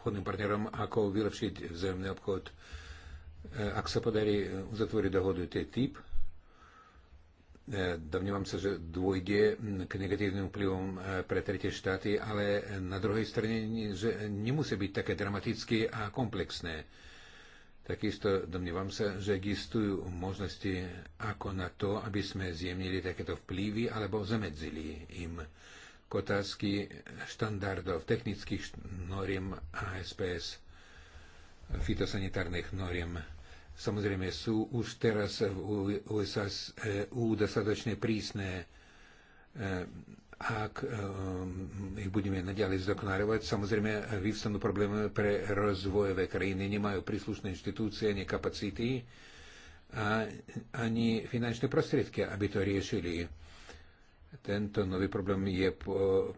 obchodným partnerom, ako vylepšiť vzájomný obchod Eh, ak sa podarí eh, uzatvoriť dohodu TTIP, eh, domnievam sa, že dôjde hm, k negatívnym vplyvom pre tretie štáty, ale na druhej strane že nemusí byť také dramatické a komplexné. Takisto domnievam sa, že existujú možnosti ako na to, aby sme zjemnili takéto vplyvy alebo zamedzili im k otázky štandardov, technických noriem a SPS, fitosanitárnych noriem. Samozrejme, sú už teraz v USA EU dostatočne prísne. E, ak e, ich budeme naďalej zdokonárovať, samozrejme vyvstanú problémy pre rozvojové krajiny. Nemajú príslušné inštitúcie, ani kapacity a ani finančné prostriedky, aby to riešili. Tento nový problém je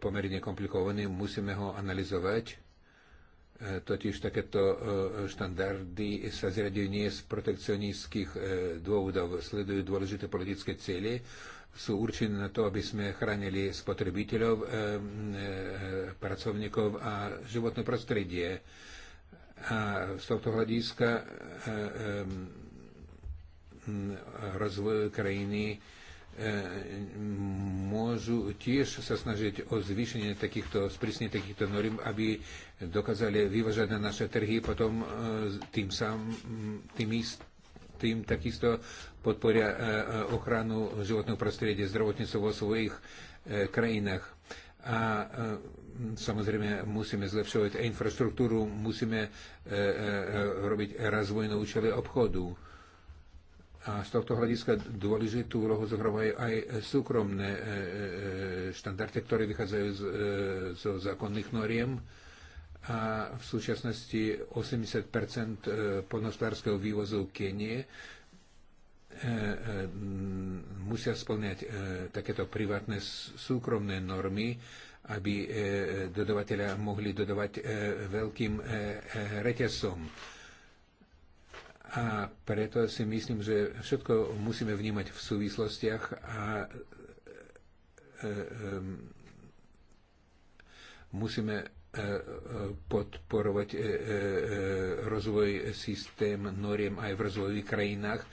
pomerne komplikovaný, musíme ho analyzovať E, totiž takéto e, štandardy sa zriadujú nie z protekcionistských e, dôvodov, sledujú dôležité politické cieľe, sú určené na to, aby sme chránili spotrebiteľov, pracovníkov a životné prostredie. A z tohto hľadiska rozvoj krajiny E, môžu tiež sa snažiť o zvýšenie takýchto, sprísnenie takýchto norm, aby dokázali vyvažať na naše trhy, potom e, tým sám, tým, ist, tým takisto podporia e, ochranu životného prostredia zdravotníctva vo svojich krajinách. A samozrejme musíme zlepšovať infraštruktúru, musíme robiť rozvoj na účely obchodu a z tohto hľadiska dôležitú úlohu zohrávajú aj súkromné e, e, e, štandardy, ktoré vychádzajú z, zo zákonných noriem. A v súčasnosti 80 podnostárskeho vývozu Kenie musia splňať takéto privátne súkromné normy, aby dodavatelia mohli dodavať veľkým reťazom a preto si myslím, že všetko musíme vnímať v súvislostiach a e, e, musíme e, podporovať rozvoj systém noriem aj v rozvojových krajinách,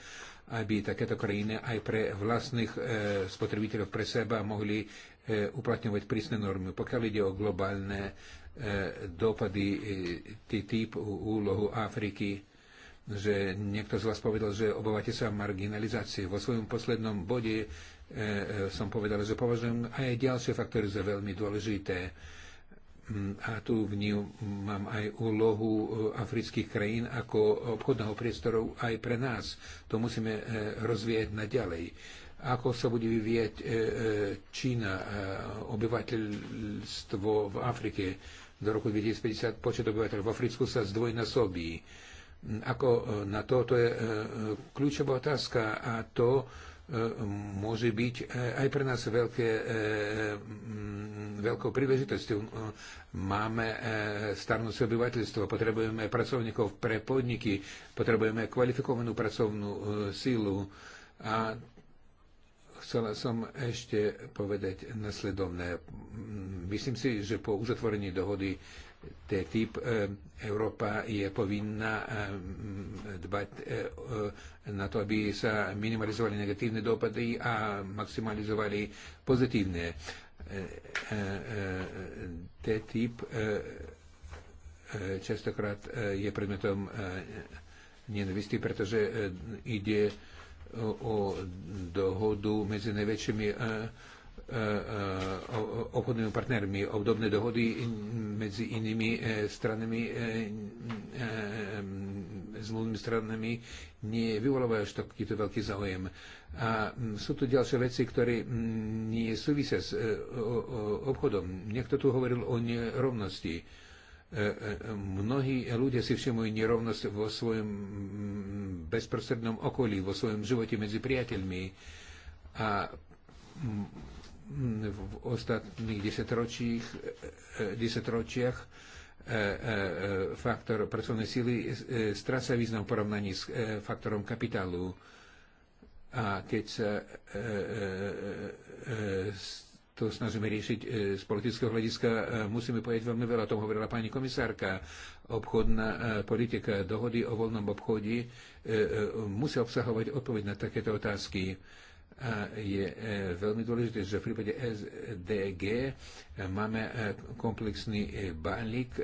aby takéto krajiny aj pre vlastných spotrebiteľov pre seba mohli uplatňovať prísne normy. Pokiaľ ide o globálne dopady typ úlohu Afriky, že niekto z vás povedal, že obávate sa marginalizácie. Vo svojom poslednom bode e, e som povedal, že považujem aj ďalšie faktory za veľmi dôležité. Mm, a tu v ňu mám aj úlohu e, afrických krajín ako obchodného priestoru aj pre nás. To musíme e, rozvíjať naďalej. Ako sa bude vyvíjať Čína, obyvateľstvo v Afrike do roku 2050, počet obyvateľov v Africku sa zdvojnásobí ako e, na to, to je e, kľúčová otázka a to e, môže byť aj pre nás veľké, veľkou príležitosťou. Máme starnúce obyvateľstvo, potrebujeme pracovníkov pre podniky, potrebujeme kvalifikovanú pracovnú sílu a chcela som ešte povedať nasledovné. Myslím si, že po uzatvorení dohody TTIP e, Európa je povinná e, dbať e, na to, aby sa minimalizovali negatívne dopady a maximalizovali pozitívne. TTIP častokrát je predmetom nenavisti, pretože ide o dohodu medzi najväčšími E, e, obchodnými partnermi. Obdobné dohody medzi inými e, stranami, zmluvnými stranami nie vyvolávajú až takýto veľký záujem. A sú tu ďalšie veci, ktoré nie súvisia s obchodom. Niekto tu hovoril o nerovnosti. Mnohí ľudia si všimujú nerovnosť vo svojom bezprostrednom okolí, vo svojom živote medzi priateľmi. A v ostatných eh, desetročiach, desetročiach eh, faktor pracovnej síly eh, stráca význam v porovnaní s faktorom kapitálu. A keď sa to snažíme riešiť z politického hľadiska, musíme povedať veľmi veľa. O tom hovorila pani komisárka. Obchodná politika dohody o voľnom obchode musí obsahovať odpoveď na takéto otázky je e, veľmi dôležité, že v prípade SDG e, máme e, komplexný balík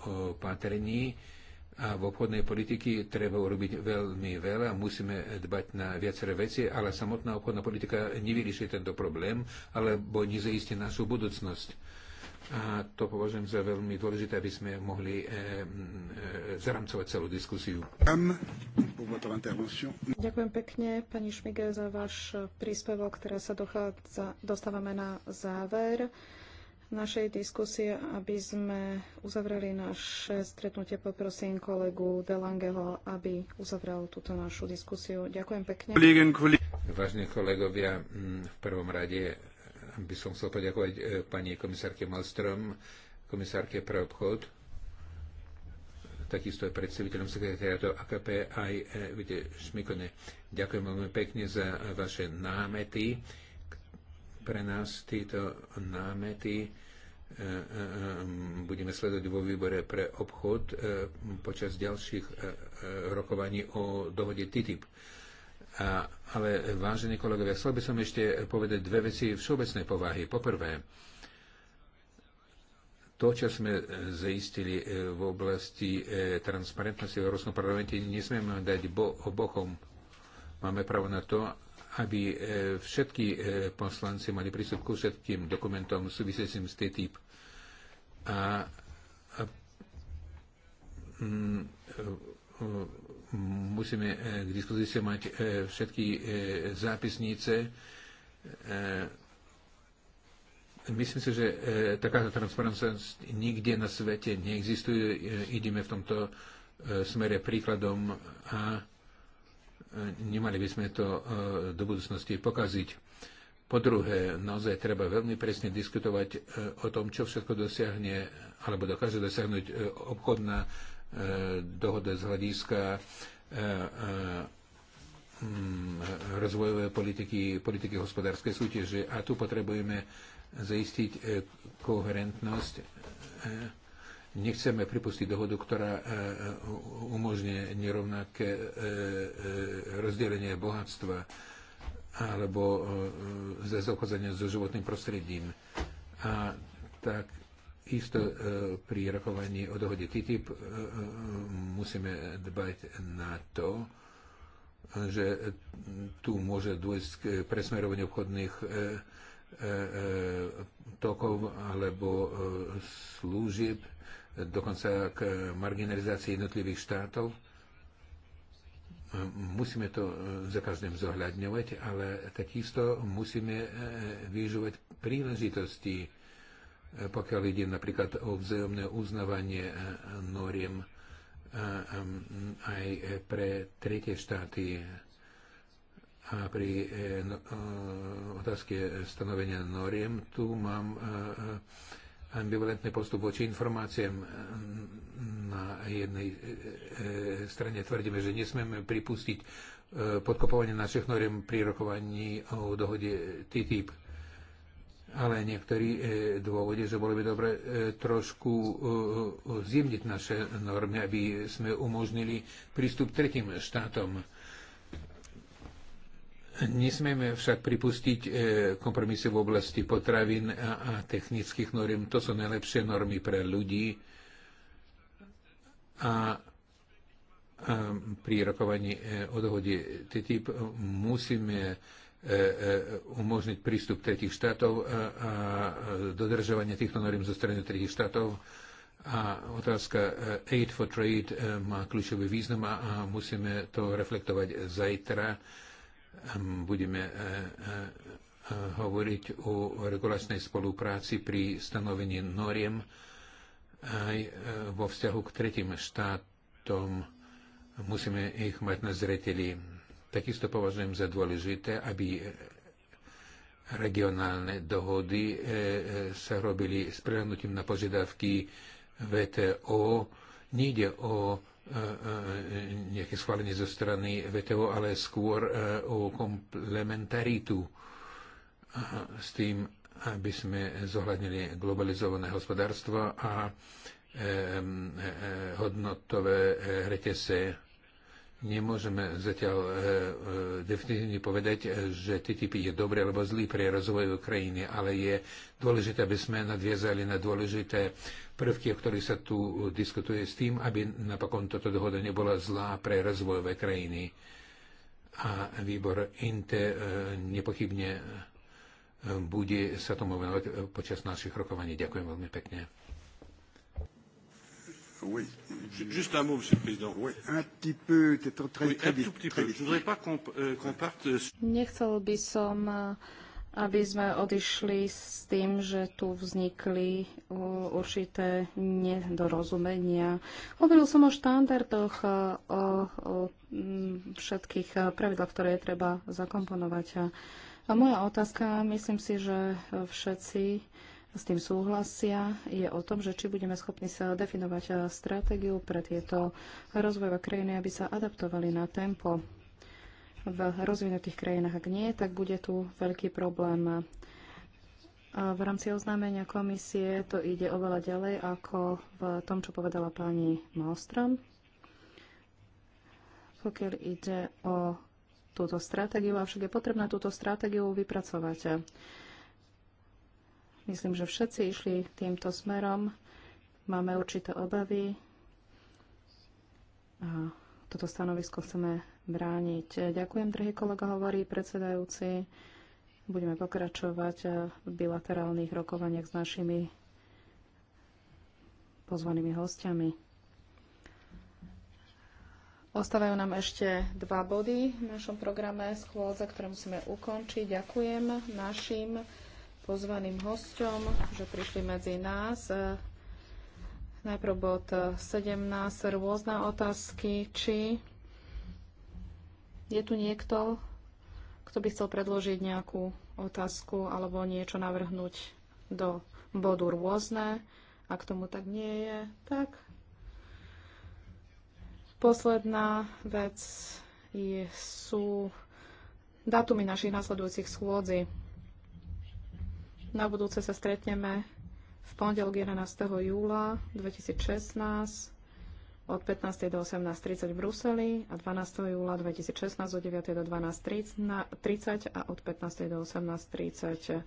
opatrení a v obchodnej politiky treba urobiť veľmi veľa, musíme dbať na viaceré veci, ale samotná obchodná politika nevyrieši tento problém alebo nezaistí našu budúcnosť a to považujem za veľmi dôležité, aby sme mohli e, e, zaramcovať celú diskusiu. Ďakujem pekne, pani Šmige, za váš príspevok. ktorá sa dochádza, dostávame na záver našej diskusie, aby sme uzavreli naše stretnutie. Poprosím kolegu Delangeho, aby uzavrel túto našu diskusiu. Ďakujem pekne. Vážne kolegovia, mm, v prvom rade by som chcel poďakovať e, pani komisárke Malstrom, komisárke pre obchod, takisto aj predstaviteľom sekretariátu AKP, aj e, vide Šmikone. Ďakujem veľmi pekne za vaše námety. Pre nás tieto námety e, budeme sledovať vo výbore pre obchod počas ďalších rokovaní o dohode TTIP a, ale, vážení kolegovia, chcel by som ešte povedať dve veci všeobecnej povahy. Poprvé, to, čo sme e, zaistili e, v oblasti e, transparentnosti v Európskom parlamente, nesmieme dať bo- obokom. Máme právo na to, aby všetky poslanci mali prístup ku všetkým dokumentom súvisiacim s tým typ. a, a, a musíme e, k dispozícii mať e, všetky e, zápisnice. Myslím si, že takáto transparentnosť nikde na svete neexistuje. Ideme v tomto smere príkladom a nemali by sme to do budúcnosti pokaziť. Po druhé, naozaj treba veľmi presne diskutovať o tom, čo všetko dosiahne alebo dokáže dosiahnuť obchodná E, dohoda z hľadiska e, e, rozvojové politiky, politiky hospodárskej súťaže. A tu potrebujeme zaistiť koherentnosť. Nechceme pripustiť dohodu, ktorá umožňuje nerovnaké rozdelenie bohatstva alebo za so životným prostredím. A tak Isto e, pri rokovaní o dohode TTIP e, e, musíme dbať na to, že tu môže dôjsť k presmerovaniu obchodných tokov alebo služieb, dokonca k marginalizácii jednotlivých štátov. Musíme to za každým zohľadňovať, ale takisto musíme vyžovať príležitosti E, pokiaľ ide napríklad o vzájomné uznávanie e, noriem e, aj pre tretie štáty a pri no, otázke stanovenia noriem, tu mám ambivalentný postup voči informáciám. Na jednej strane tvrdíme, že nesmieme pripustiť podkopovanie našich noriem pri rokovaní o dohode TTIP ale niektorí e, dôvody, že bolo by dobre e, trošku e, zjemniť naše normy, aby sme umožnili prístup tretím štátom. Nesmieme však pripustiť kompromisy v oblasti potravín a technických norm. To sú najlepšie normy pre ľudí a pri rokovaní o dohode TTIP musíme E, e, umožniť prístup tretich štátov a dodržovanie týchto noriem zo strany tretich štátov. A otázka e, Aid for Trade má kľúčový význam a musíme to reflektovať zajtra. Budeme hovoriť o regulačnej spolupráci pri stanovení noriem aj vo vzťahu k tretím štátom. Musíme ich mať na zreteli Takisto považujem za dôležité, aby regionálne dohody e, e, sa robili s prehľadnutím na požiadavky VTO. Nejde o e, nejaké schválenie zo strany VTO, ale skôr o komplementaritu s tým, aby sme zohľadnili globalizované hospodárstvo a hodnotové reťase Nemôžeme zatiaľ e, e, definitívne povedať, e, že TTIP je dobrý alebo zlý pre rozvoj Ukrajiny, ale je dôležité, aby sme nadviazali na dôležité prvky, o ktorých sa tu diskutuje s tým, aby napokon toto dohoda nebola zlá pre rozvojové krajiny. A výbor INTE nepochybne bude sa tomu venovať počas našich rokovaní. Ďakujem veľmi pekne. Oui. Juste un mot, Monsieur le Président. Oui, un petit peu, très, très, très, un tout petit très, peu. Je voudrais pas qu'on euh, qu parte... Euh, Nechcel by som, eh, aby sme odišli s tým, že tu vznikli určité nedorozumenia. Hovoril som o štandardoch, eh, o, o všetkých eh, pravidlách, ktoré je treba zakomponovať. A moja otázka, myslím si, že všetci s tým súhlasia, je o tom, že či budeme schopní sa definovať eh, stratégiu pre tieto rozvojové krajiny, aby sa adaptovali na tempo v rozvinutých krajinách. Ak nie, tak bude tu veľký problém. v rámci oznámenia komisie to ide oveľa ďalej ako v tom, čo povedala pani Malstrom. Pokiaľ ide o túto stratégiu, avšak je potrebné túto stratégiu vypracovať. Myslím, že všetci išli týmto smerom. Máme určité obavy. A toto stanovisko chceme brániť. Ďakujem, drahý kolega, hovorí predsedajúci. Budeme pokračovať v bilaterálnych rokovaniach s našimi pozvanými hostiami. Ostávajú nám ešte dva body v našom programe schôdze, ktoré musíme ukončiť. Ďakujem našim pozvaným hosťom, že prišli medzi nás. Najprv bod 17, rôzne otázky, či je tu niekto, kto by chcel predložiť nejakú otázku alebo niečo navrhnúť do bodu rôzne. Ak tomu tak nie je, tak posledná vec je, sú datumy našich nasledujúcich schôdzi. Na budúce sa stretneme v pondelok 11. júla 2016 od 15. do 18.30 v Bruseli a 12. júla 2016 od 9. do 12.30 a od 15. do 18.30 11.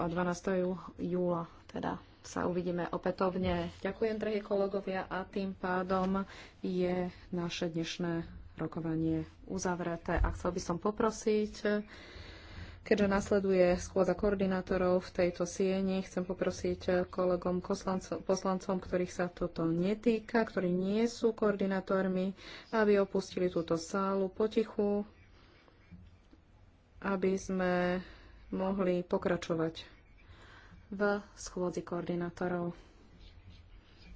a 12. júla teda sa uvidíme opätovne. Ďakujem, drahí kolegovia, a tým pádom je naše dnešné rokovanie uzavreté. A chcel by som poprosiť Keďže nasleduje schôdza koordinátorov v tejto sieni, chcem poprosiť eh, kolegom poslancom, ktorých sa toto netýka, ktorí nie sú koordinátormi, aby opustili túto sálu potichu, aby sme mohli pokračovať v schôdzi koordinátorov.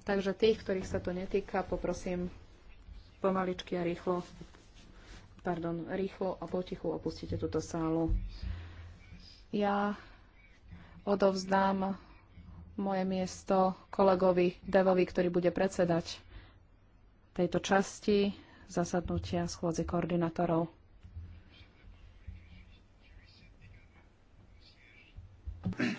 Takže tých, ktorých sa to netýka, poprosím pomaličky a rýchlo, pardon, rýchlo a potichu opustite túto sálu. Ja odovzdám moje miesto kolegovi Devovi, ktorý bude predsedať tejto časti zasadnutia schôdzi koordinátorov. Thank you.